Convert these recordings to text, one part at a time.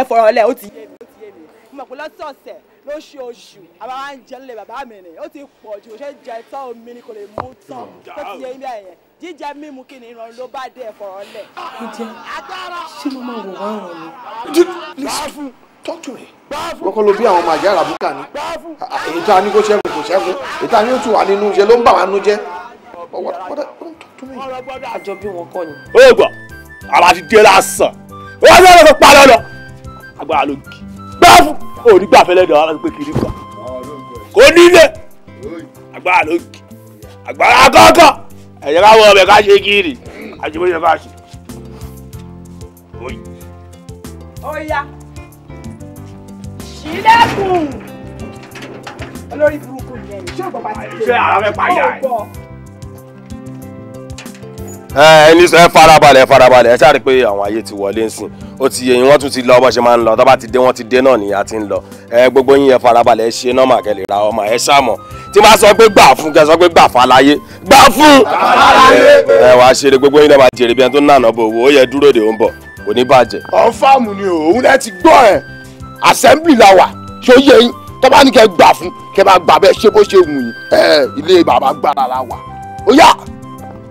ẹ fọ̀rọ̀ lẹ̀ ó ti yé mi ó ti yé mi mo mọ̀ pé lọ́sọ̀ọ̀sẹ̀ lóṣooṣù àbá wa ń jẹ nílé bàbá mi ni ó ti pọ̀ ju ṣé jẹ tán omi ni kò lè mú tán tó ti yé mi ẹ̀yẹn jíjẹ mímu kí ni ìran ló bá dé ẹ̀fọ̀rọ̀ lẹ̀. ẹ jẹ ṣé mo máa wò wọ́n rọ̀ ni. báà fún tọ́tù rẹ̀. kọ́kọ́ ló bí àwọn ọmọ àjẹ́ àràbùkà ni èyí tá a ní kó ṣẹ́gun kò ṣẹ́gun èyí tá a ní ó tù wá nínú jẹ ló ń bà wá nínú jẹ́ ọjọ́ bí wọn kọ́ ni. ó gbọ́ ara dé lásán ó wá ní ọ̀rọ̀ tó agbára ló gi gbáfù òní gbà fẹlẹ dọ alágbé kiri kan kò nílé agbára ló gi agbára kọ̀ọ̀kan ẹ̀yẹ ká wọ ọbẹ̀ ká ṣe kiri àjẹmọ́ yẹ ká ṣe. Ọya ṣílẹ̀kùn olórí burúkú yẹn ṣé ọgbọ̀n bá ti tẹ̀lé ọgbọ̀n ẹni ẹ farabalẹ̀ farabalẹ̀ ẹ ṣáà rí pé àwọn ayé ti wọlé ń sìn ó ti yẹ yín wọ́n tún ti lọ bó ṣe máa ń lọ tó bá ti dé wọ́n ti dé náà ni a ti ń lọ ẹ gbogbo yín ẹ farabalẹ̀ ẹ ṣe nọ́mà kẹlẹ̀ ra ọmọ ẹ ṣàmọ̀ tí máa sọ pé gbà fún kẹ sọ pé gbà fàlàyé gbà fún. ẹ wàá ṣeré gbogbo yín náà máa jèrè bí ẹni tó ń nànà bò wò ó yẹ dúró de ó ń bọ̀ kò ní bàjẹ́. ọ̀nfàmù ni assembly la wà ṣó yẹ yín tó bá ní kẹ gbà fún kẹ máa gbà bẹ́ẹ̀ ṣe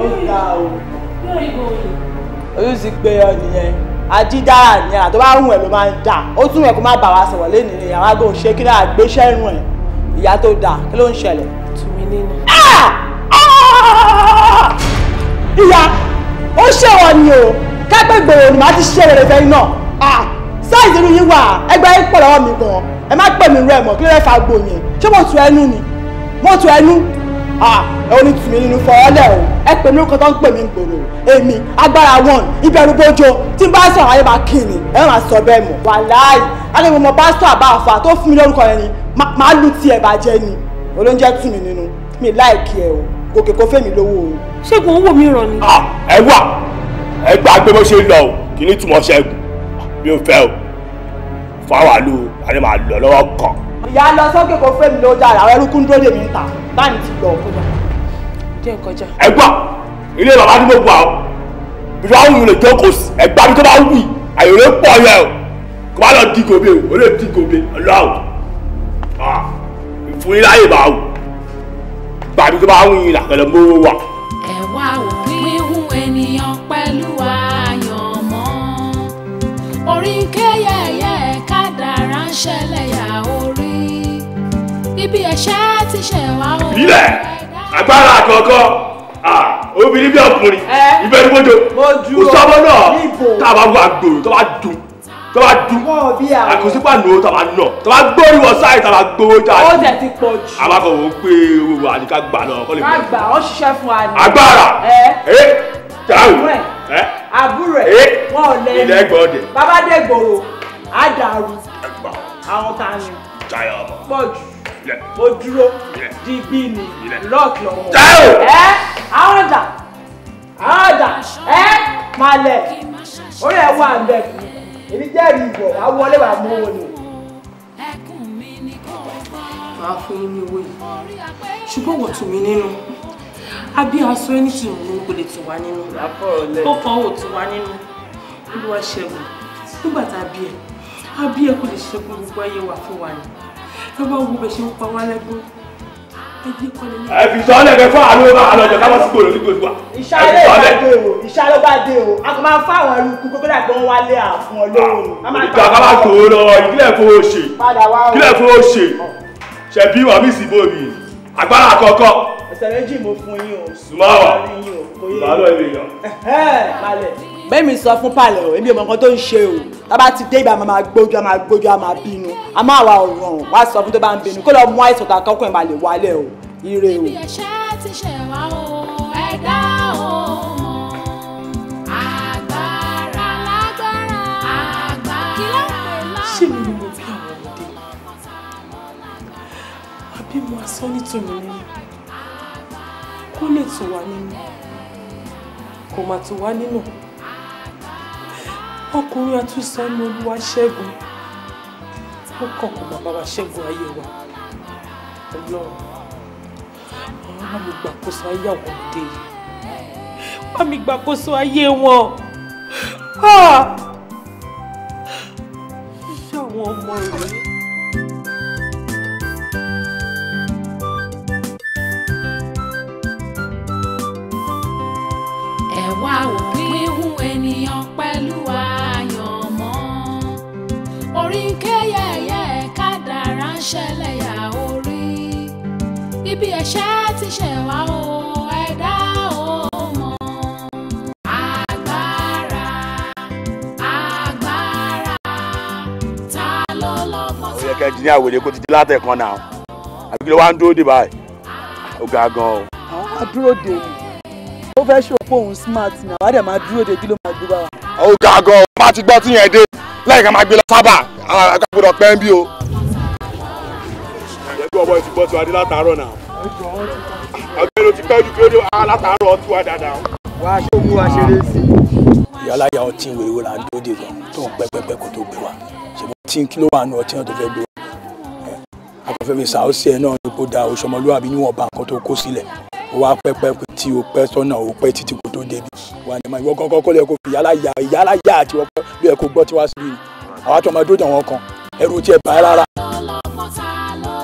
ó ta o. oyún ti gbé ọ nìyẹn ajídára ni àtọ́ bá hùn ẹ̀ ló máa ń dà ó tún ẹ̀ kó má bà wá sọ̀rọ̀ lẹ́nu ni àwọn agbóhùn ṣe kí náà gbéṣẹ́ rùn ẹ̀ ìyá tó dà kí ló ń ṣẹlẹ̀. tùmí nínú. Ah! Ah! ìyá ó ṣèwọ ni o kápẹ́ gbòòrò ni màá ti ṣe rere fẹ́yìn náà sáìsì inú ah! yín wà ẹgbẹ́ yín pọ̀ lọ́wọ́ mi gan-an ẹ má pè mí rẹ̀ mọ́ kí ló fẹ́ fa gbòòyìn ṣé mo tu ẹnu ni mo tu ẹnu orí ah, tì mí nínú fọwọ́lẹ̀ o ẹ pè mí lórúkọ tó ń pè mí gbòòrò èmi agbára wọn ìbẹ̀rù bójó tí n bá sọ̀rọ̀ ayé bá kí ni ẹ máa sọ bẹ́ẹ̀ mọ̀ wàláì alẹ́ mo mọ pásítọ̀ àbá àfà tó fún mi lórúkọ yẹn ni màá lu tiẹ̀ bàjẹ́ ni olóúnjẹ tì mí nínú mi láìkí ẹ o gòkè kò fẹ́mi lówó o. ṣẹ́gun owó mi rọ ni. Ah, ẹ wà ẹ gbàgbé bó ṣe lọ o kì í túmọ̀ ṣẹ́gun mi ò fẹ́ o fáwọn àlù àdé màá lọ lọ́wọ́ kàn ìyá lọ sókè kò fẹ́ mi ló jára àwọn ẹrúkú ń dúró dè mí ń ta báyìí ti lọ. díẹ̀ kọjá. ẹ gbà ilé bàbá àdúgbò bu àwọn bíbá òun lè jókòó ẹgbà mi tó bá wù àyè rẹ pọ̀ yẹ o kò bá lọ di gòbe o lè di gòbe ọlọ́wọ́ fún yín láyè bá wù bàbí tó bá wù yín làkẹ́lẹ́ mọ́ wà. ẹ wá wò wíwún ènìyàn pẹ̀lú àyànmọ́ orí kéyẹ̀yẹ̀ kádàrá ń ṣẹlẹ̀ ibi ẹ̀ṣẹ̀ ti ṣẹ̀ wá o. ìbílẹ̀ agbára àkọ́kọ́ obìnrin bí ọkùnrin ibẹ̀ ni mo do kò sọ́mọ́ náà tá a bá wà gbòòrò tó bá dùn tó bá dùn àkọsípà nù tó bá nà tó bá gbó ìwọ sáì tó bá gbó tó bá dùn abakọ̀ wò ó pé owó àníkà gbà náà kọ́ lè mọ̀ àgbà ó ṣiṣẹ́ fún wa ni agbára ẹ jáwé ẹ àbúrò ẹ wọn ò lẹ́yìn ilẹ̀ gbọ́dẹ̀ babadẹ́gbòrò àdàrú àwọn kan ni pọ̀ jù mo dúró digbí ni rock lọ́wọ́ ẹ àwọn ọjà àwọn ọjà ẹ máa lẹ̀ orí ẹ̀ wà ń bẹ̀ fún èmi jẹ́rìí ìbọ̀ wá wọlé wà mú owó ni. màá fún yín ní owó yìí ṣùgbọ́n wò tù mí nínú àbí aṣọ ẹni tí òun kò lè tù wá nínú kókó wò tù wá nínú olúwa ṣẹ́gun nígbà tá a bí ẹ a bí ẹ kò lè ṣẹ́gun gbogbo ayé wà fún wa ni tó bá wo bẹ̀ ṣe ń pa wá lẹ́gbọ́n ìfisọ́lẹ̀ bẹ fún àlọ́ bá àlọ́jọ ká bá sí gbòòrò ní gbòòrò wa. ìṣàlẹ̀ bá dé o ìṣàlẹ̀ bá dé o a kò máa fún àwọn ẹrú kúkú kódà gan wálé àfún ọlọ́run. Ah, ìjọ ká bá tó lọ ìbílẹ̀ fún òṣè ìbílẹ̀ fún òṣè ṣẹ̀bí wà mí síbò mi agbára àkọ́kọ́. ẹsẹ̀ méjì mo fún yín o. sùmọ́wà ìbálò ẹ̀mí yàn. ẹ̀ẹ́ malẹ̀ bẹ́ẹ̀ mi sọ fún pàlẹ́ o èmi ò mọ nǹkan tó ń ṣe o tábà ti dé ìgbà máa gbójú a máa gbójú a máa bínú a máa wà ọ̀ràn wá sọ fún tó bá ń bínú kó lọ mú àìsàn tó akọ́kùn ẹ̀ máa lè wálẹ̀ o ire o. ibi ẹ̀ṣẹ̀ ti ṣẹ̀ wá o ẹ̀dá o agbára lágbára agbára lágbára. ṣé mi ni mo bí àwọn ọmọdé àbí mo asọ́ nítorí mi kó lè tù wá nínú kò má tù wá nínú ọkùnrin àtúnṣe ní olúwa ṣẹ́gun ó kọ̀kọ̀ bàbá wa ṣẹ́gun ayé wa ọlọ́run ọ̀rọ̀ bá mi gbàkóso ayé àwọn ọmọdé yìí bá mi gbàkóso ayé wọn ìyá ah! àwọn ọmọ rẹ̀. ń ṣẹlẹ̀ yà orí ibi ẹ̀ṣẹ̀ ti ṣẹ̀ wá o ẹ̀dá o mọ̀ agbára agbára ta ló lọ́gbọ́n. ó yẹ kẹ́ ẹnjìníà wèrè kó ti di látẹ̀kan náà àbí ló wá ń dúró dè báyìí ó ga gan-an. àwọn máa dúró dè mí ó fẹ́ ṣòpó òun smart náà wàá dẹ̀ máa dúró dè kí ló máa gbé bá wa. ó ga gan-an má ti gbọ́ tíyẹn dé lẹ́yìn ká máa gbé lọ sábà àgbàgbọ́dọ̀ pẹ́ ń bí o ọmọ ti bọ́ tiwa dé látàárọ̀ náà. àgbẹ̀rù ti pẹ́jù kí ó dé látàárọ̀ tiwa dáadáa. wàá ṣe mú wa ṣeré sí i. ìyálàyà ọtí ìwéwò là ń dúró dè gan tó ń pẹ́pẹ́pẹ́ kó tó gbé wa ṣèbí tí kí ló wà nù ọtí náà tó fẹ́ gbé wa akọ̀fẹ́ fi sàósì ẹ̀ náà epo da òṣọmọlúwàbí níwọ̀nba nǹkan tó kó sílẹ̀ ó wá pẹ́pẹ́ tí o pẹ́ sọ́nà o pẹ́ títí kò tó débi wà ní ma ìwọ kọ́kọ́ kọ́ lẹ́ kó fi ìyálàyà ìyálàyà àti ọkọ bí ẹ kó gbọ́ tiwa sí i àwọn àti ọmọdé òjò wọn kan ẹrù tiẹ̀ bá rárá.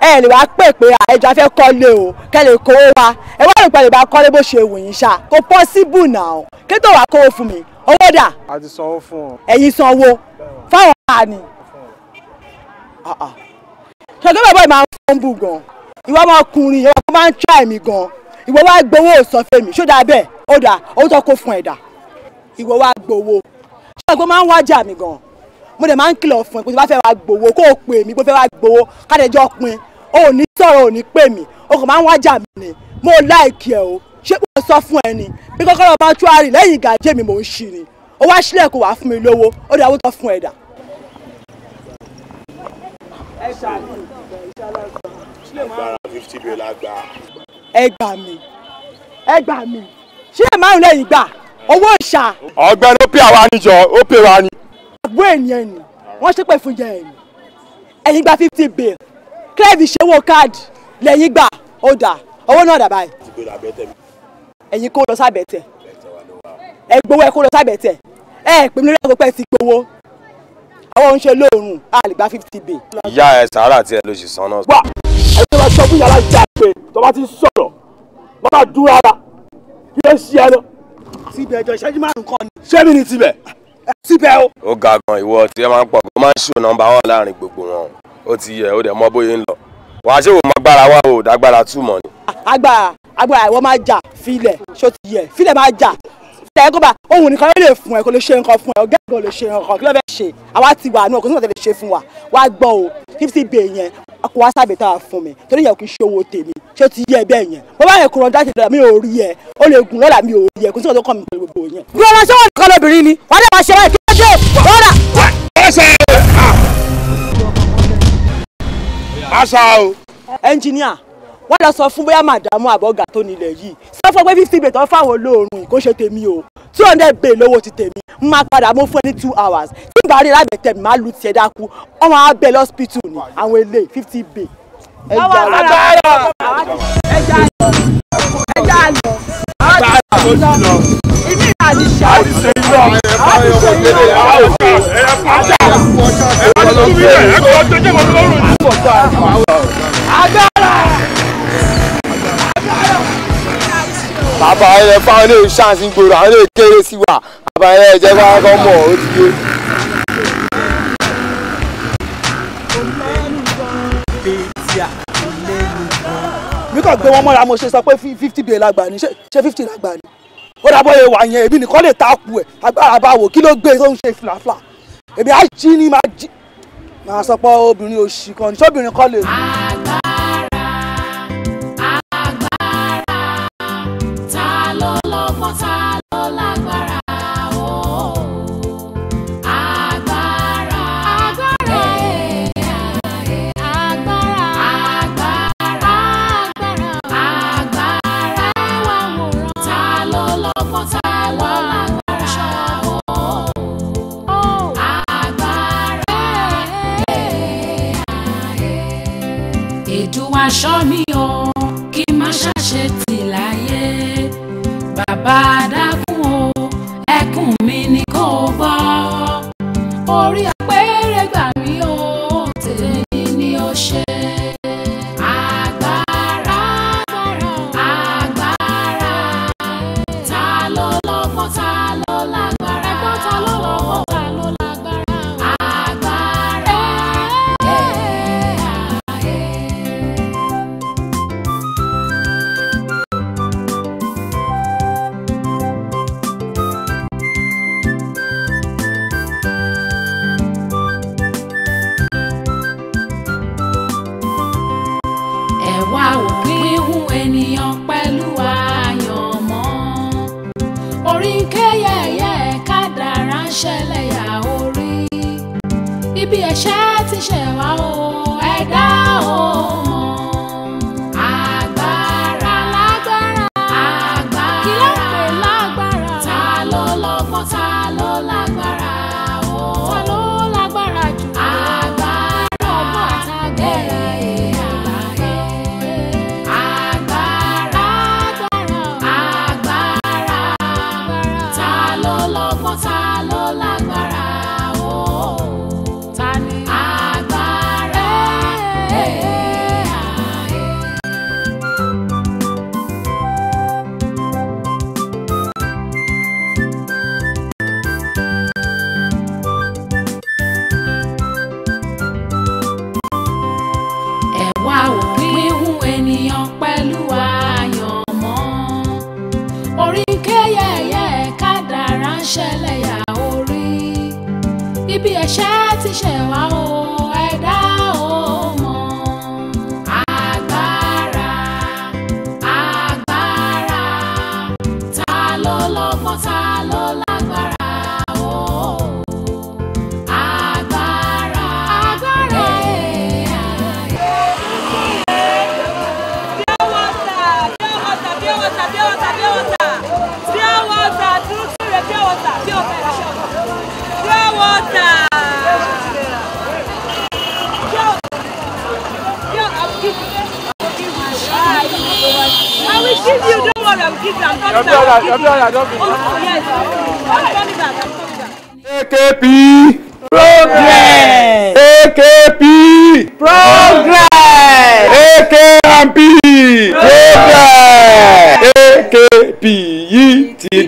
ẹ lè wá pè pé ẹjọ́ afẹ́ kọ́lé o kẹ́lẹ̀ kówó wa ẹ wá rò pé bá kọ́lé bó ṣe wù ṣá kò pọ́síbù náà kí tó wàá kówó fún mi owó dà. ẹ̀yin sanwó fáwọn ọ̀la ni. Ah, ah. ṣọ̀gbọ́n bàbá yìí máa ń bù gan ìwọ ọmọkùnrin ìwọ ọmọ máa ń tíra ẹ̀mí gan ìwọ wá gbowó òsàn fèmí ṣó dáa bẹ́ẹ̀ ó dáa owó tó kó fún ẹ̀dà ìwọ wá gbowó ṣọ̀gbọ́n máa ń wájà mi gan mo dẹ̀ máa ń kìlọ̀ fún ẹ pé tó bá fẹ́ wá gbowó kó o pè mí pé fẹ́ wá gbowó kádẹjọ́ pin o ò ní sọ̀rọ̀ ò ní pè mí o kò máa ń wájà mí ni mo láìkí ẹ o ṣé mo sọ fún ẹ ni bí kọ́kọ́rọ́ bá tú àárín lẹ́yìn gàjẹ́ mi mò ń ṣì ni o wá sílẹ̀ kó wàá fún mi lówó ó dẹ̀ awútọ́ fún ẹ̀dà. ẹ gbà mí ẹ gbà mí sílẹ̀ márùn lẹ́yìn gbà owó ìṣà. ọgbẹ́ni ó pè àwa níjọ ó pè wá ni gbọ́ ènìyàn ni wọ́n ṣépè fún yẹn ni ẹ̀yin gba fifty bill kílẹ̀bì ṣẹ́wó káàdì lẹ́yìn gbà ó dà owó náà dà báyìí. ẹ̀yin kó lọ sábẹ̀tẹ̀ ẹ gbowó ẹ kó lọ sábẹ̀tẹ̀ ẹ pè mí lórí àgọ́pẹ́ ti gbowó àwọn oúnjẹ lóòrùn a lè gba fifty bill. ìyá ẹ sàárà tí ẹ ló sì san náà. wà á yẹ máa sọ fún yàrá ìjà pé tó bá ti sọ̀rọ̀ má bàa dúró ara kí ló ń ṣe ẹ lọ. tibẹ̀ ẹjọ́ ìṣẹ́jú márùn-ún kan ni. ṣé mi ni tibẹ̀ síbẹ̀ o. ó ga gan ìwọ tí ẹ máa ń pọ̀ ó máa ń ṣù nọ́mbà wà láàrin gbogbo wọn ó ti yẹ ó dẹ̀ mọ bóyá ń lọ wàá ṣe wò mọ agbára wa o dágbára túmọ̀ ni. agbára agbára ìwọ máa jà filẹ̀ ṣó ti yẹ filẹ̀ máa jà filẹ̀ kó bá ohun nìkan ló lè fún ẹ kó lè ṣe nǹkan fún ẹ ọ̀gá ìgbọ̀n lè ṣe nǹkan kí ló fẹ́ ṣe àwa ti wà ní ọkùnrin tí wọ́n ti lè ṣe fún wa wá gbọ́ o fífi bèè yẹn ọkọ̀ wá sábẹ̀ tá a fún mi torí yẹn kì í ṣe tèmi ṣé o ti yẹ bẹ́ẹ̀ yẹn mo bá yẹn kúrọ̀ dájú lọ́la mi ò rí ẹ o lè gùn lọ́la mi ò rí ẹ kò sí ọ̀dọ́ kọ́ mi pẹ̀lú gbogbo yẹn. gbọ́dọ̀ ṣé wọ́n kọ́ lóbìnrin ni wọ́n dẹ̀ máa ṣe báyìí kí wọ́n dé bọ́dà. ẹnjìníà wọ́n lọ sọ fún bóyá màdàmú àbọ̀gà tó nílẹ̀ yìí sọ fún pé fifty bẹ̀ tó fáwọn olóòórùn kò ṣe tèmi o two hundred bẹ̀ lówó ti tèmi n máa padà mú fún ẹ two hours tí ìgbà rí lábẹ́ tẹ̀mí máa lu tiẹ̀ dákú ọmọ abẹ́ lọ́sípítù ni àwọn eléyìí fifty bẹ̀. ẹja agbára ẹja ayọ̀ ẹja ayọ̀ agbára lọ ìmí àti ṣáàṣì àti ṣèyí lọ àti ṣèyí lọ àti ṣèyí lọ. bàbá ẹ fáwọn ilé ṣáàṣì gbòòrò àwọn ilé kéré sí wa bàbá ẹ jẹ́ ká kọ́ mọ̀ ó ti yé. mi gbé wọn mọ́ra mo ṣe sọ pé fifty bíi lágbà ni ṣé fifty lágbà ni ó dàbọ̀ yẹ wà yẹn èmi nìkan lè takú ẹ̀ agbára bá wò kí ló gbé tó ń ṣe fìlàfìlà èmi á ni máa jí máa sọ pé obìnrin òṣì kan ní sóbìnrin kan lè. ṣọ́ mi o kí n má ṣàṣe tì láyé bàbá dákun o ẹkún mi ni kò gbọ́ orí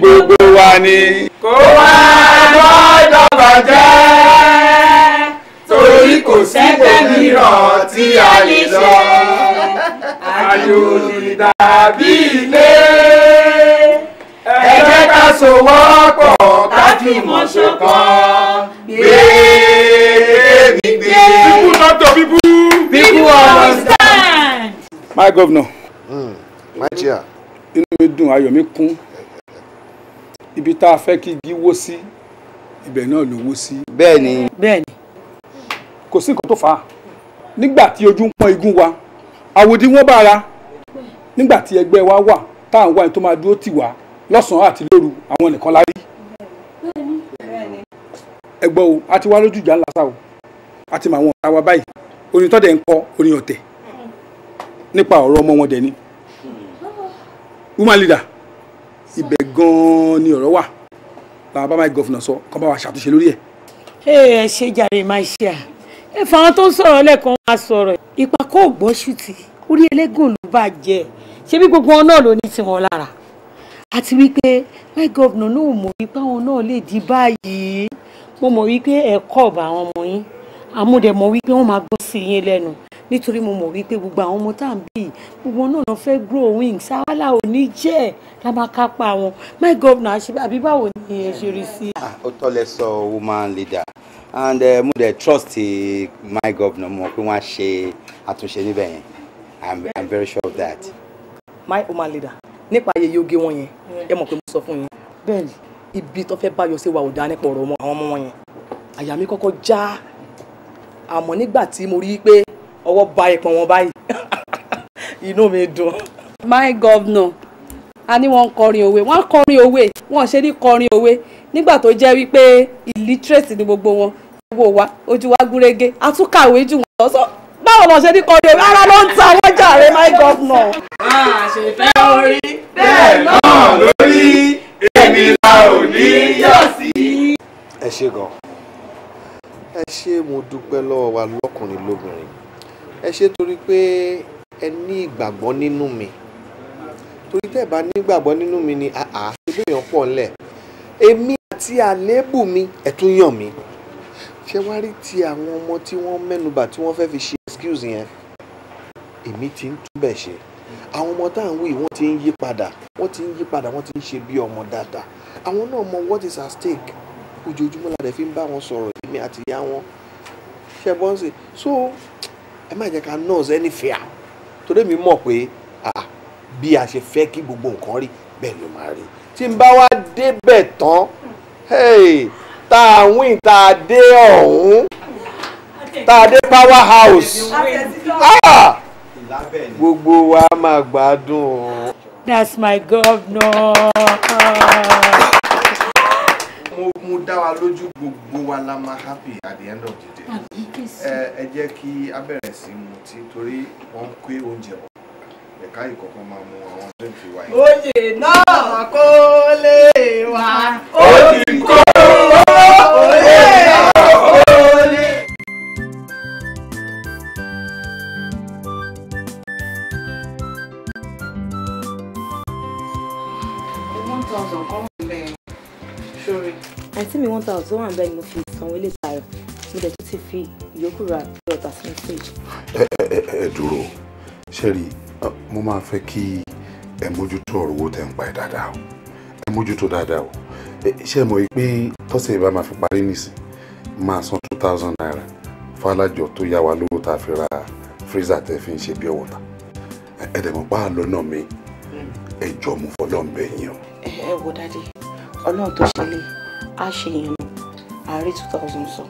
gbogbo wa ni. kó wá lọ́dọ̀ bàjẹ́ torí kò sí tẹ̀míràn tí a lè lọ. àjò tàbí ilé ẹ jẹ́ ká sowọ́pọ̀ ká fìmọ̀ ṣọ̀kan gbé mi gbé. people not to people. people understand. my governor. Mm, my chair. inú mi dùn ayọ̀ mi kún ibi tá a fẹ́ kí igi wó sí ibẹ̀ náà ló wó sí. bẹ́ẹ̀ni. bẹ́ẹ̀ni. kò sí nǹkan tó fà á nígbà tí ojú ń pọ́n igun wa àwòdì wọn bá ara nígbà tí ẹgbẹ́ wa wà tá à ń wá ẹni tó máa dúró tì wá lọ́sàn-án àti lóru àwọn nìkan la rí. ẹgbọ́n o a ti wá lójú ìjà ńlá sá o a ti mọ àwọn ọ̀tá wa báyìí orin tọ́dẹ̀ ń kọ orin ọ̀tẹ̀ nípa ọ̀rọ̀ ọmọ wọn dẹ̀ ni. woman ibẹ̀ gan-an ni ọ̀rọ̀ wà làwọn bá máa gọ̀fìnà sọ kọ́ bá wa ṣàtúnṣe lórí ẹ̀. ẹ ṣe jàre máa ṣe à ẹ fà wọn tó ń sọ̀rọ̀ lẹ́ẹ̀kan máa sọ̀rọ̀ ipa kó gbọ́ ṣùtì orí ẹlẹ́gùn ló bá jẹ ṣé bí gbogbo wọn náà ló ní tiwọn lára àti wípé my governor náà mọ̀ wípé àwọn náà lè di báyìí mo mọ̀ wípé ẹ̀kọ́ ọ̀bà àwọn ọmọ yín àmúdẹ̀mọ̀ wípé wọ́n máa gbọ́ sí yín lẹ́nu nítorí mo mọ̀ wípé gbogbo àwọn ọmọ tá à ń bí gbogbo náà lọ fẹ́ grow wings àwálà ò jẹ́ la máa kápá wọn my governor àbí báwo ni ẹ ṣe rí sí. Ah, ó tọ́lẹ̀ sọ woman leader and eh, mo dẹ̀ trust eh, my governor mọ̀ pé wọ́n á ṣe àtúnṣe níbẹ̀ yẹn i'm very sure of that. my woman leader nípa ayẹyẹ oge wọn yẹn ẹ mọ̀ pé mo sọ fún yín bẹ́ẹ̀ni ibi tó fẹ́ báyọ̀ sí wa ò dá nípa ọ̀rọ̀ àwọn ọmọ wọn yẹn àyà mi kọ́kọ́ já àmọ́ nígbà tí mo rí i pé ọwọ́ ba ìpọ̀n wọn báyìí inú mi dùn. my governor a ní wọ́n ń kọrin òwe wọ́n ń kọrin òwe wọ́n ṣe ní kọrin òwe nígbà tó jẹ́ wípé illiterate ni gbogbo wọn gbogbo wa ojú wa gúrégé a tún kàwé jù wọ́n sọ báwo lọ ṣe ní kọrin òwe ara ló ń ta àwọn jàre my governor. a ṣe fẹ́ orí bẹ́ẹ̀ náà lórí èmi la ò ní yọ̀ sí. ẹ ṣé gan ẹ ṣé mo dúpẹ́ lọ́wọ́ wa lọ́kùnrin lóbìnrin ẹ ṣe torí pé ẹ ní ìgbàgbọ́ nínú mi torí tẹ́ ẹ bá ní ìgbàgbọ́ nínú mi ni àá ṣebí èèyàn pọ̀ ńlẹ̀ èmi àti àléébù mi ẹ tún yàn mí ṣé wá rí ti àwọn ọmọ tí wọ́n mẹ́nubà tí wọ́n fẹ́ fi ṣe excuse yẹn èmi ti ń túbẹ̀ ṣe àwọn ọmọ tá à ń wí wọ́n ti ń yí padà wọ́n ti ń yí padà wọ́n ti ń ṣe bí ọmọ dáadáa àwọn náà mọ what is at stake ojoojúmọ́ la dẹ̀ fi ń bá wọn sọ̀rọ̀ èmi àti ìyá wọn ṣẹ́bọ́nsì so ẹ má jẹ́ ká nurse any fear torí mi mọ̀ pé bí a ṣe fẹ́ kí gbogbo nǹkan rí bẹ́ẹ̀ ló máa rí tí n bá wá débẹ̀ tán tá a win tá a dé ọ̀hún tá a dé power house ah, gbogbo wa máa gbádùn. that's my governor mo dá wa lójú gbogbo wa la máa happy at the end of the day ẹ jẹ́ kí a bẹ̀rẹ̀ sí mu tí torí wọ́n ń pé oúnjẹ bọ̀ ẹ̀ka ìkọ̀kan máa mu àwọn tó ń fi wáyé. oyè náà kó lè wá ó ti kó. bẹ́ẹ̀ ni mo fi sanwó ilé mo dẹ̀ tún ti fi ìyókù ra ọ̀tà sínú stage. ẹ ẹ ẹ dúró mo máa fẹ́ kí ẹ mójútó ọ̀rọ̀ owó tẹ̀ ń pa ẹ̀ dáadáa o ẹ mójútó dáadáa o ṣé mọ̀ pé tọ́sẹ̀ ìbá máa fi parí nìsín máa san two thousand naira fàlájọ tó yá wa lówó tá a fi ra freezer tẹ́ fi ń ṣe pure water ẹ dẹ̀ mọ̀ pa àlọ́ náà mi ẹ jọ mo fọlọ́ ń bẹ̀ yín o. ẹ wo dádì ọlọ́run tó ṣe lè á ṣe èèyàn àárẹ̀ two thousand sọ.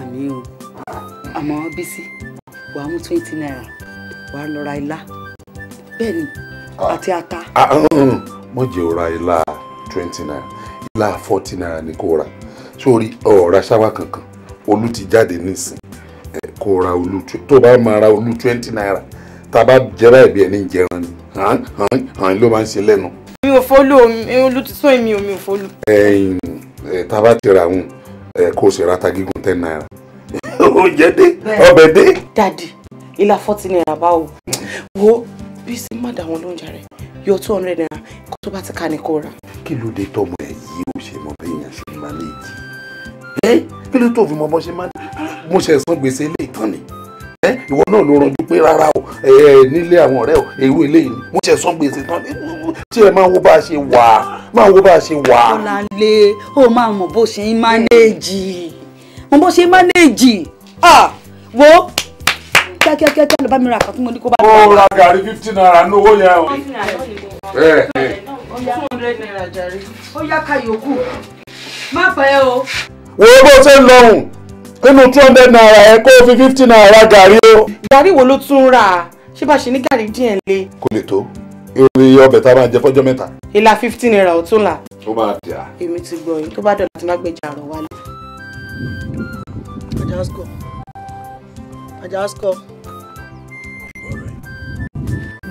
àmì o àmọ́ bísí wàá mú twenty naira wàá lọ ra ilá bẹ́ẹ̀ ni àti ata. Ah, ah, ah, mo jẹ́ ọ̀ra ilá twenty naira ilá forty naira ni kò ra sórí ọ̀ra ṣáwá kankan olú ti jáde nísìn kò ra olú tó bá máa ra olú twenty naira tá a bá jẹ́ báyìí bí ẹni jẹran ni hàn hàn hàn ló máa ń ṣe lẹ́nu mi ò folú omi olú ti sún èmi omi ò folú. ẹyin ẹ ti ra àwọn ẹ kó o sì rata gígùn ten naira oúnjẹ dé ọbẹ̀ dé. dadi ilá forty naira bá o wo bí sí má dà wọn lóúnjẹ rẹ yọ two hundred naira kó tó bá ti ka ni kó ra. kí ló dé tọmọ ẹ yìí ó ṣe mọ bẹ́ẹ̀ yàn ṣe máa lè jì kí ló tó fi mọ bọ́ ṣe máa mo ṣe san gbèsè ilé ìtàn ni ẹ ìwọ náà ló ranjú pé rárá o ẹ nílé àwọn ọ̀rẹ́ o èrú eléyìí ni mo ṣe sọ gbèsè tán tí ẹ máa wo bá a ṣe wà máa wo bá a ṣe wà. ọ̀làǹlé ó máa mọ̀ bó ṣe ń mánéèjì mọ̀ bó ṣe ń mánéèjì wo kíákíákíá ló bá mi ra àkàtúntò ní kó bá. ó ra gàrí fifty naira ní owó yẹn o. ẹ ẹ hundred ó yá ká yòókù má pẹ́ o. wo bó ṣe ń lọ́hùn nínú two hundred naira ẹ kó fi fifty naira gàrí o. gàrí wo ló tún rà á ṣé bá ṣe ní gàrí díẹ̀ lé. kò lè tó ìròyìn ọbẹ̀ tá a máa jẹ fọ́jọ́ mẹ́ta. ìlà fifteen naira ò tún là. ó máa dà. èmi ti gbọ́ yín tó bá dọ̀là tí wọ́n gbẹ̀jà rọ̀ wálé. àjàsíkò àjàsíkò.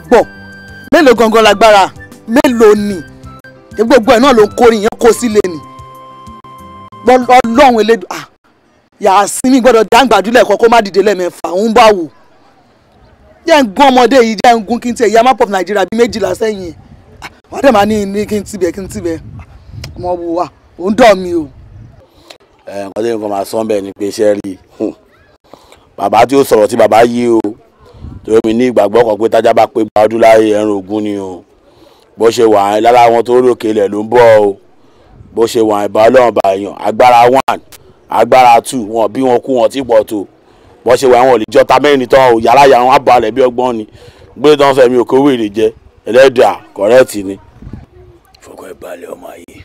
gbọ́ mélòó gangan lágbára mélòó ni gbogbo ẹ̀ náà ló ń kórìí yẹn kó sílé ni ọlọ́run elédùn ah yàsímì gbọ́dọ̀ dáńgbàdúlẹ̀ kọ́kọ́ má dìde lẹ́mẹ̀fà ń bá wò jẹ́ ń gún ọmọdé yìí jẹ́ ń gún kí n tiẹ̀ ya map of Nigeria bíi méjìlá sẹ́yìn wọ́n dẹ̀ máa ní ní kí n tibẹ̀ kí n tibẹ̀ ọmọ wò wá ò ń dọ̀ mi o. ẹ ǹkan tí nǹkan máa sọ́n bẹ́ẹ̀ ni pé iṣẹ́ rí hmm. bàbá tí ó sọ̀rọ̀ tí bàbá yí o torí mi ní ìgbàgbọ́ kan pé tájá bá pé gbadú láyé ẹran ògún ni o bó ṣe wà á lára wọn tó rí òkè ló ń bọ̀ o bó ṣe wà á ìbá ọlọ́run agbára one agbára tù wọn bí wọn kú wọn ti pọ̀ tó bọ́n ṣe wà wọn ò lè jọta mẹ́rin tán o yàrá yàrá wọn á balẹ̀ bí ọgbọ́n ni gbé tán fẹ̀mí òkè owó èrè jẹ ẹlẹ́dàá kọ̀rẹ́ẹ̀tì ni. fọkàn ẹ balẹ̀ ọmọ ayé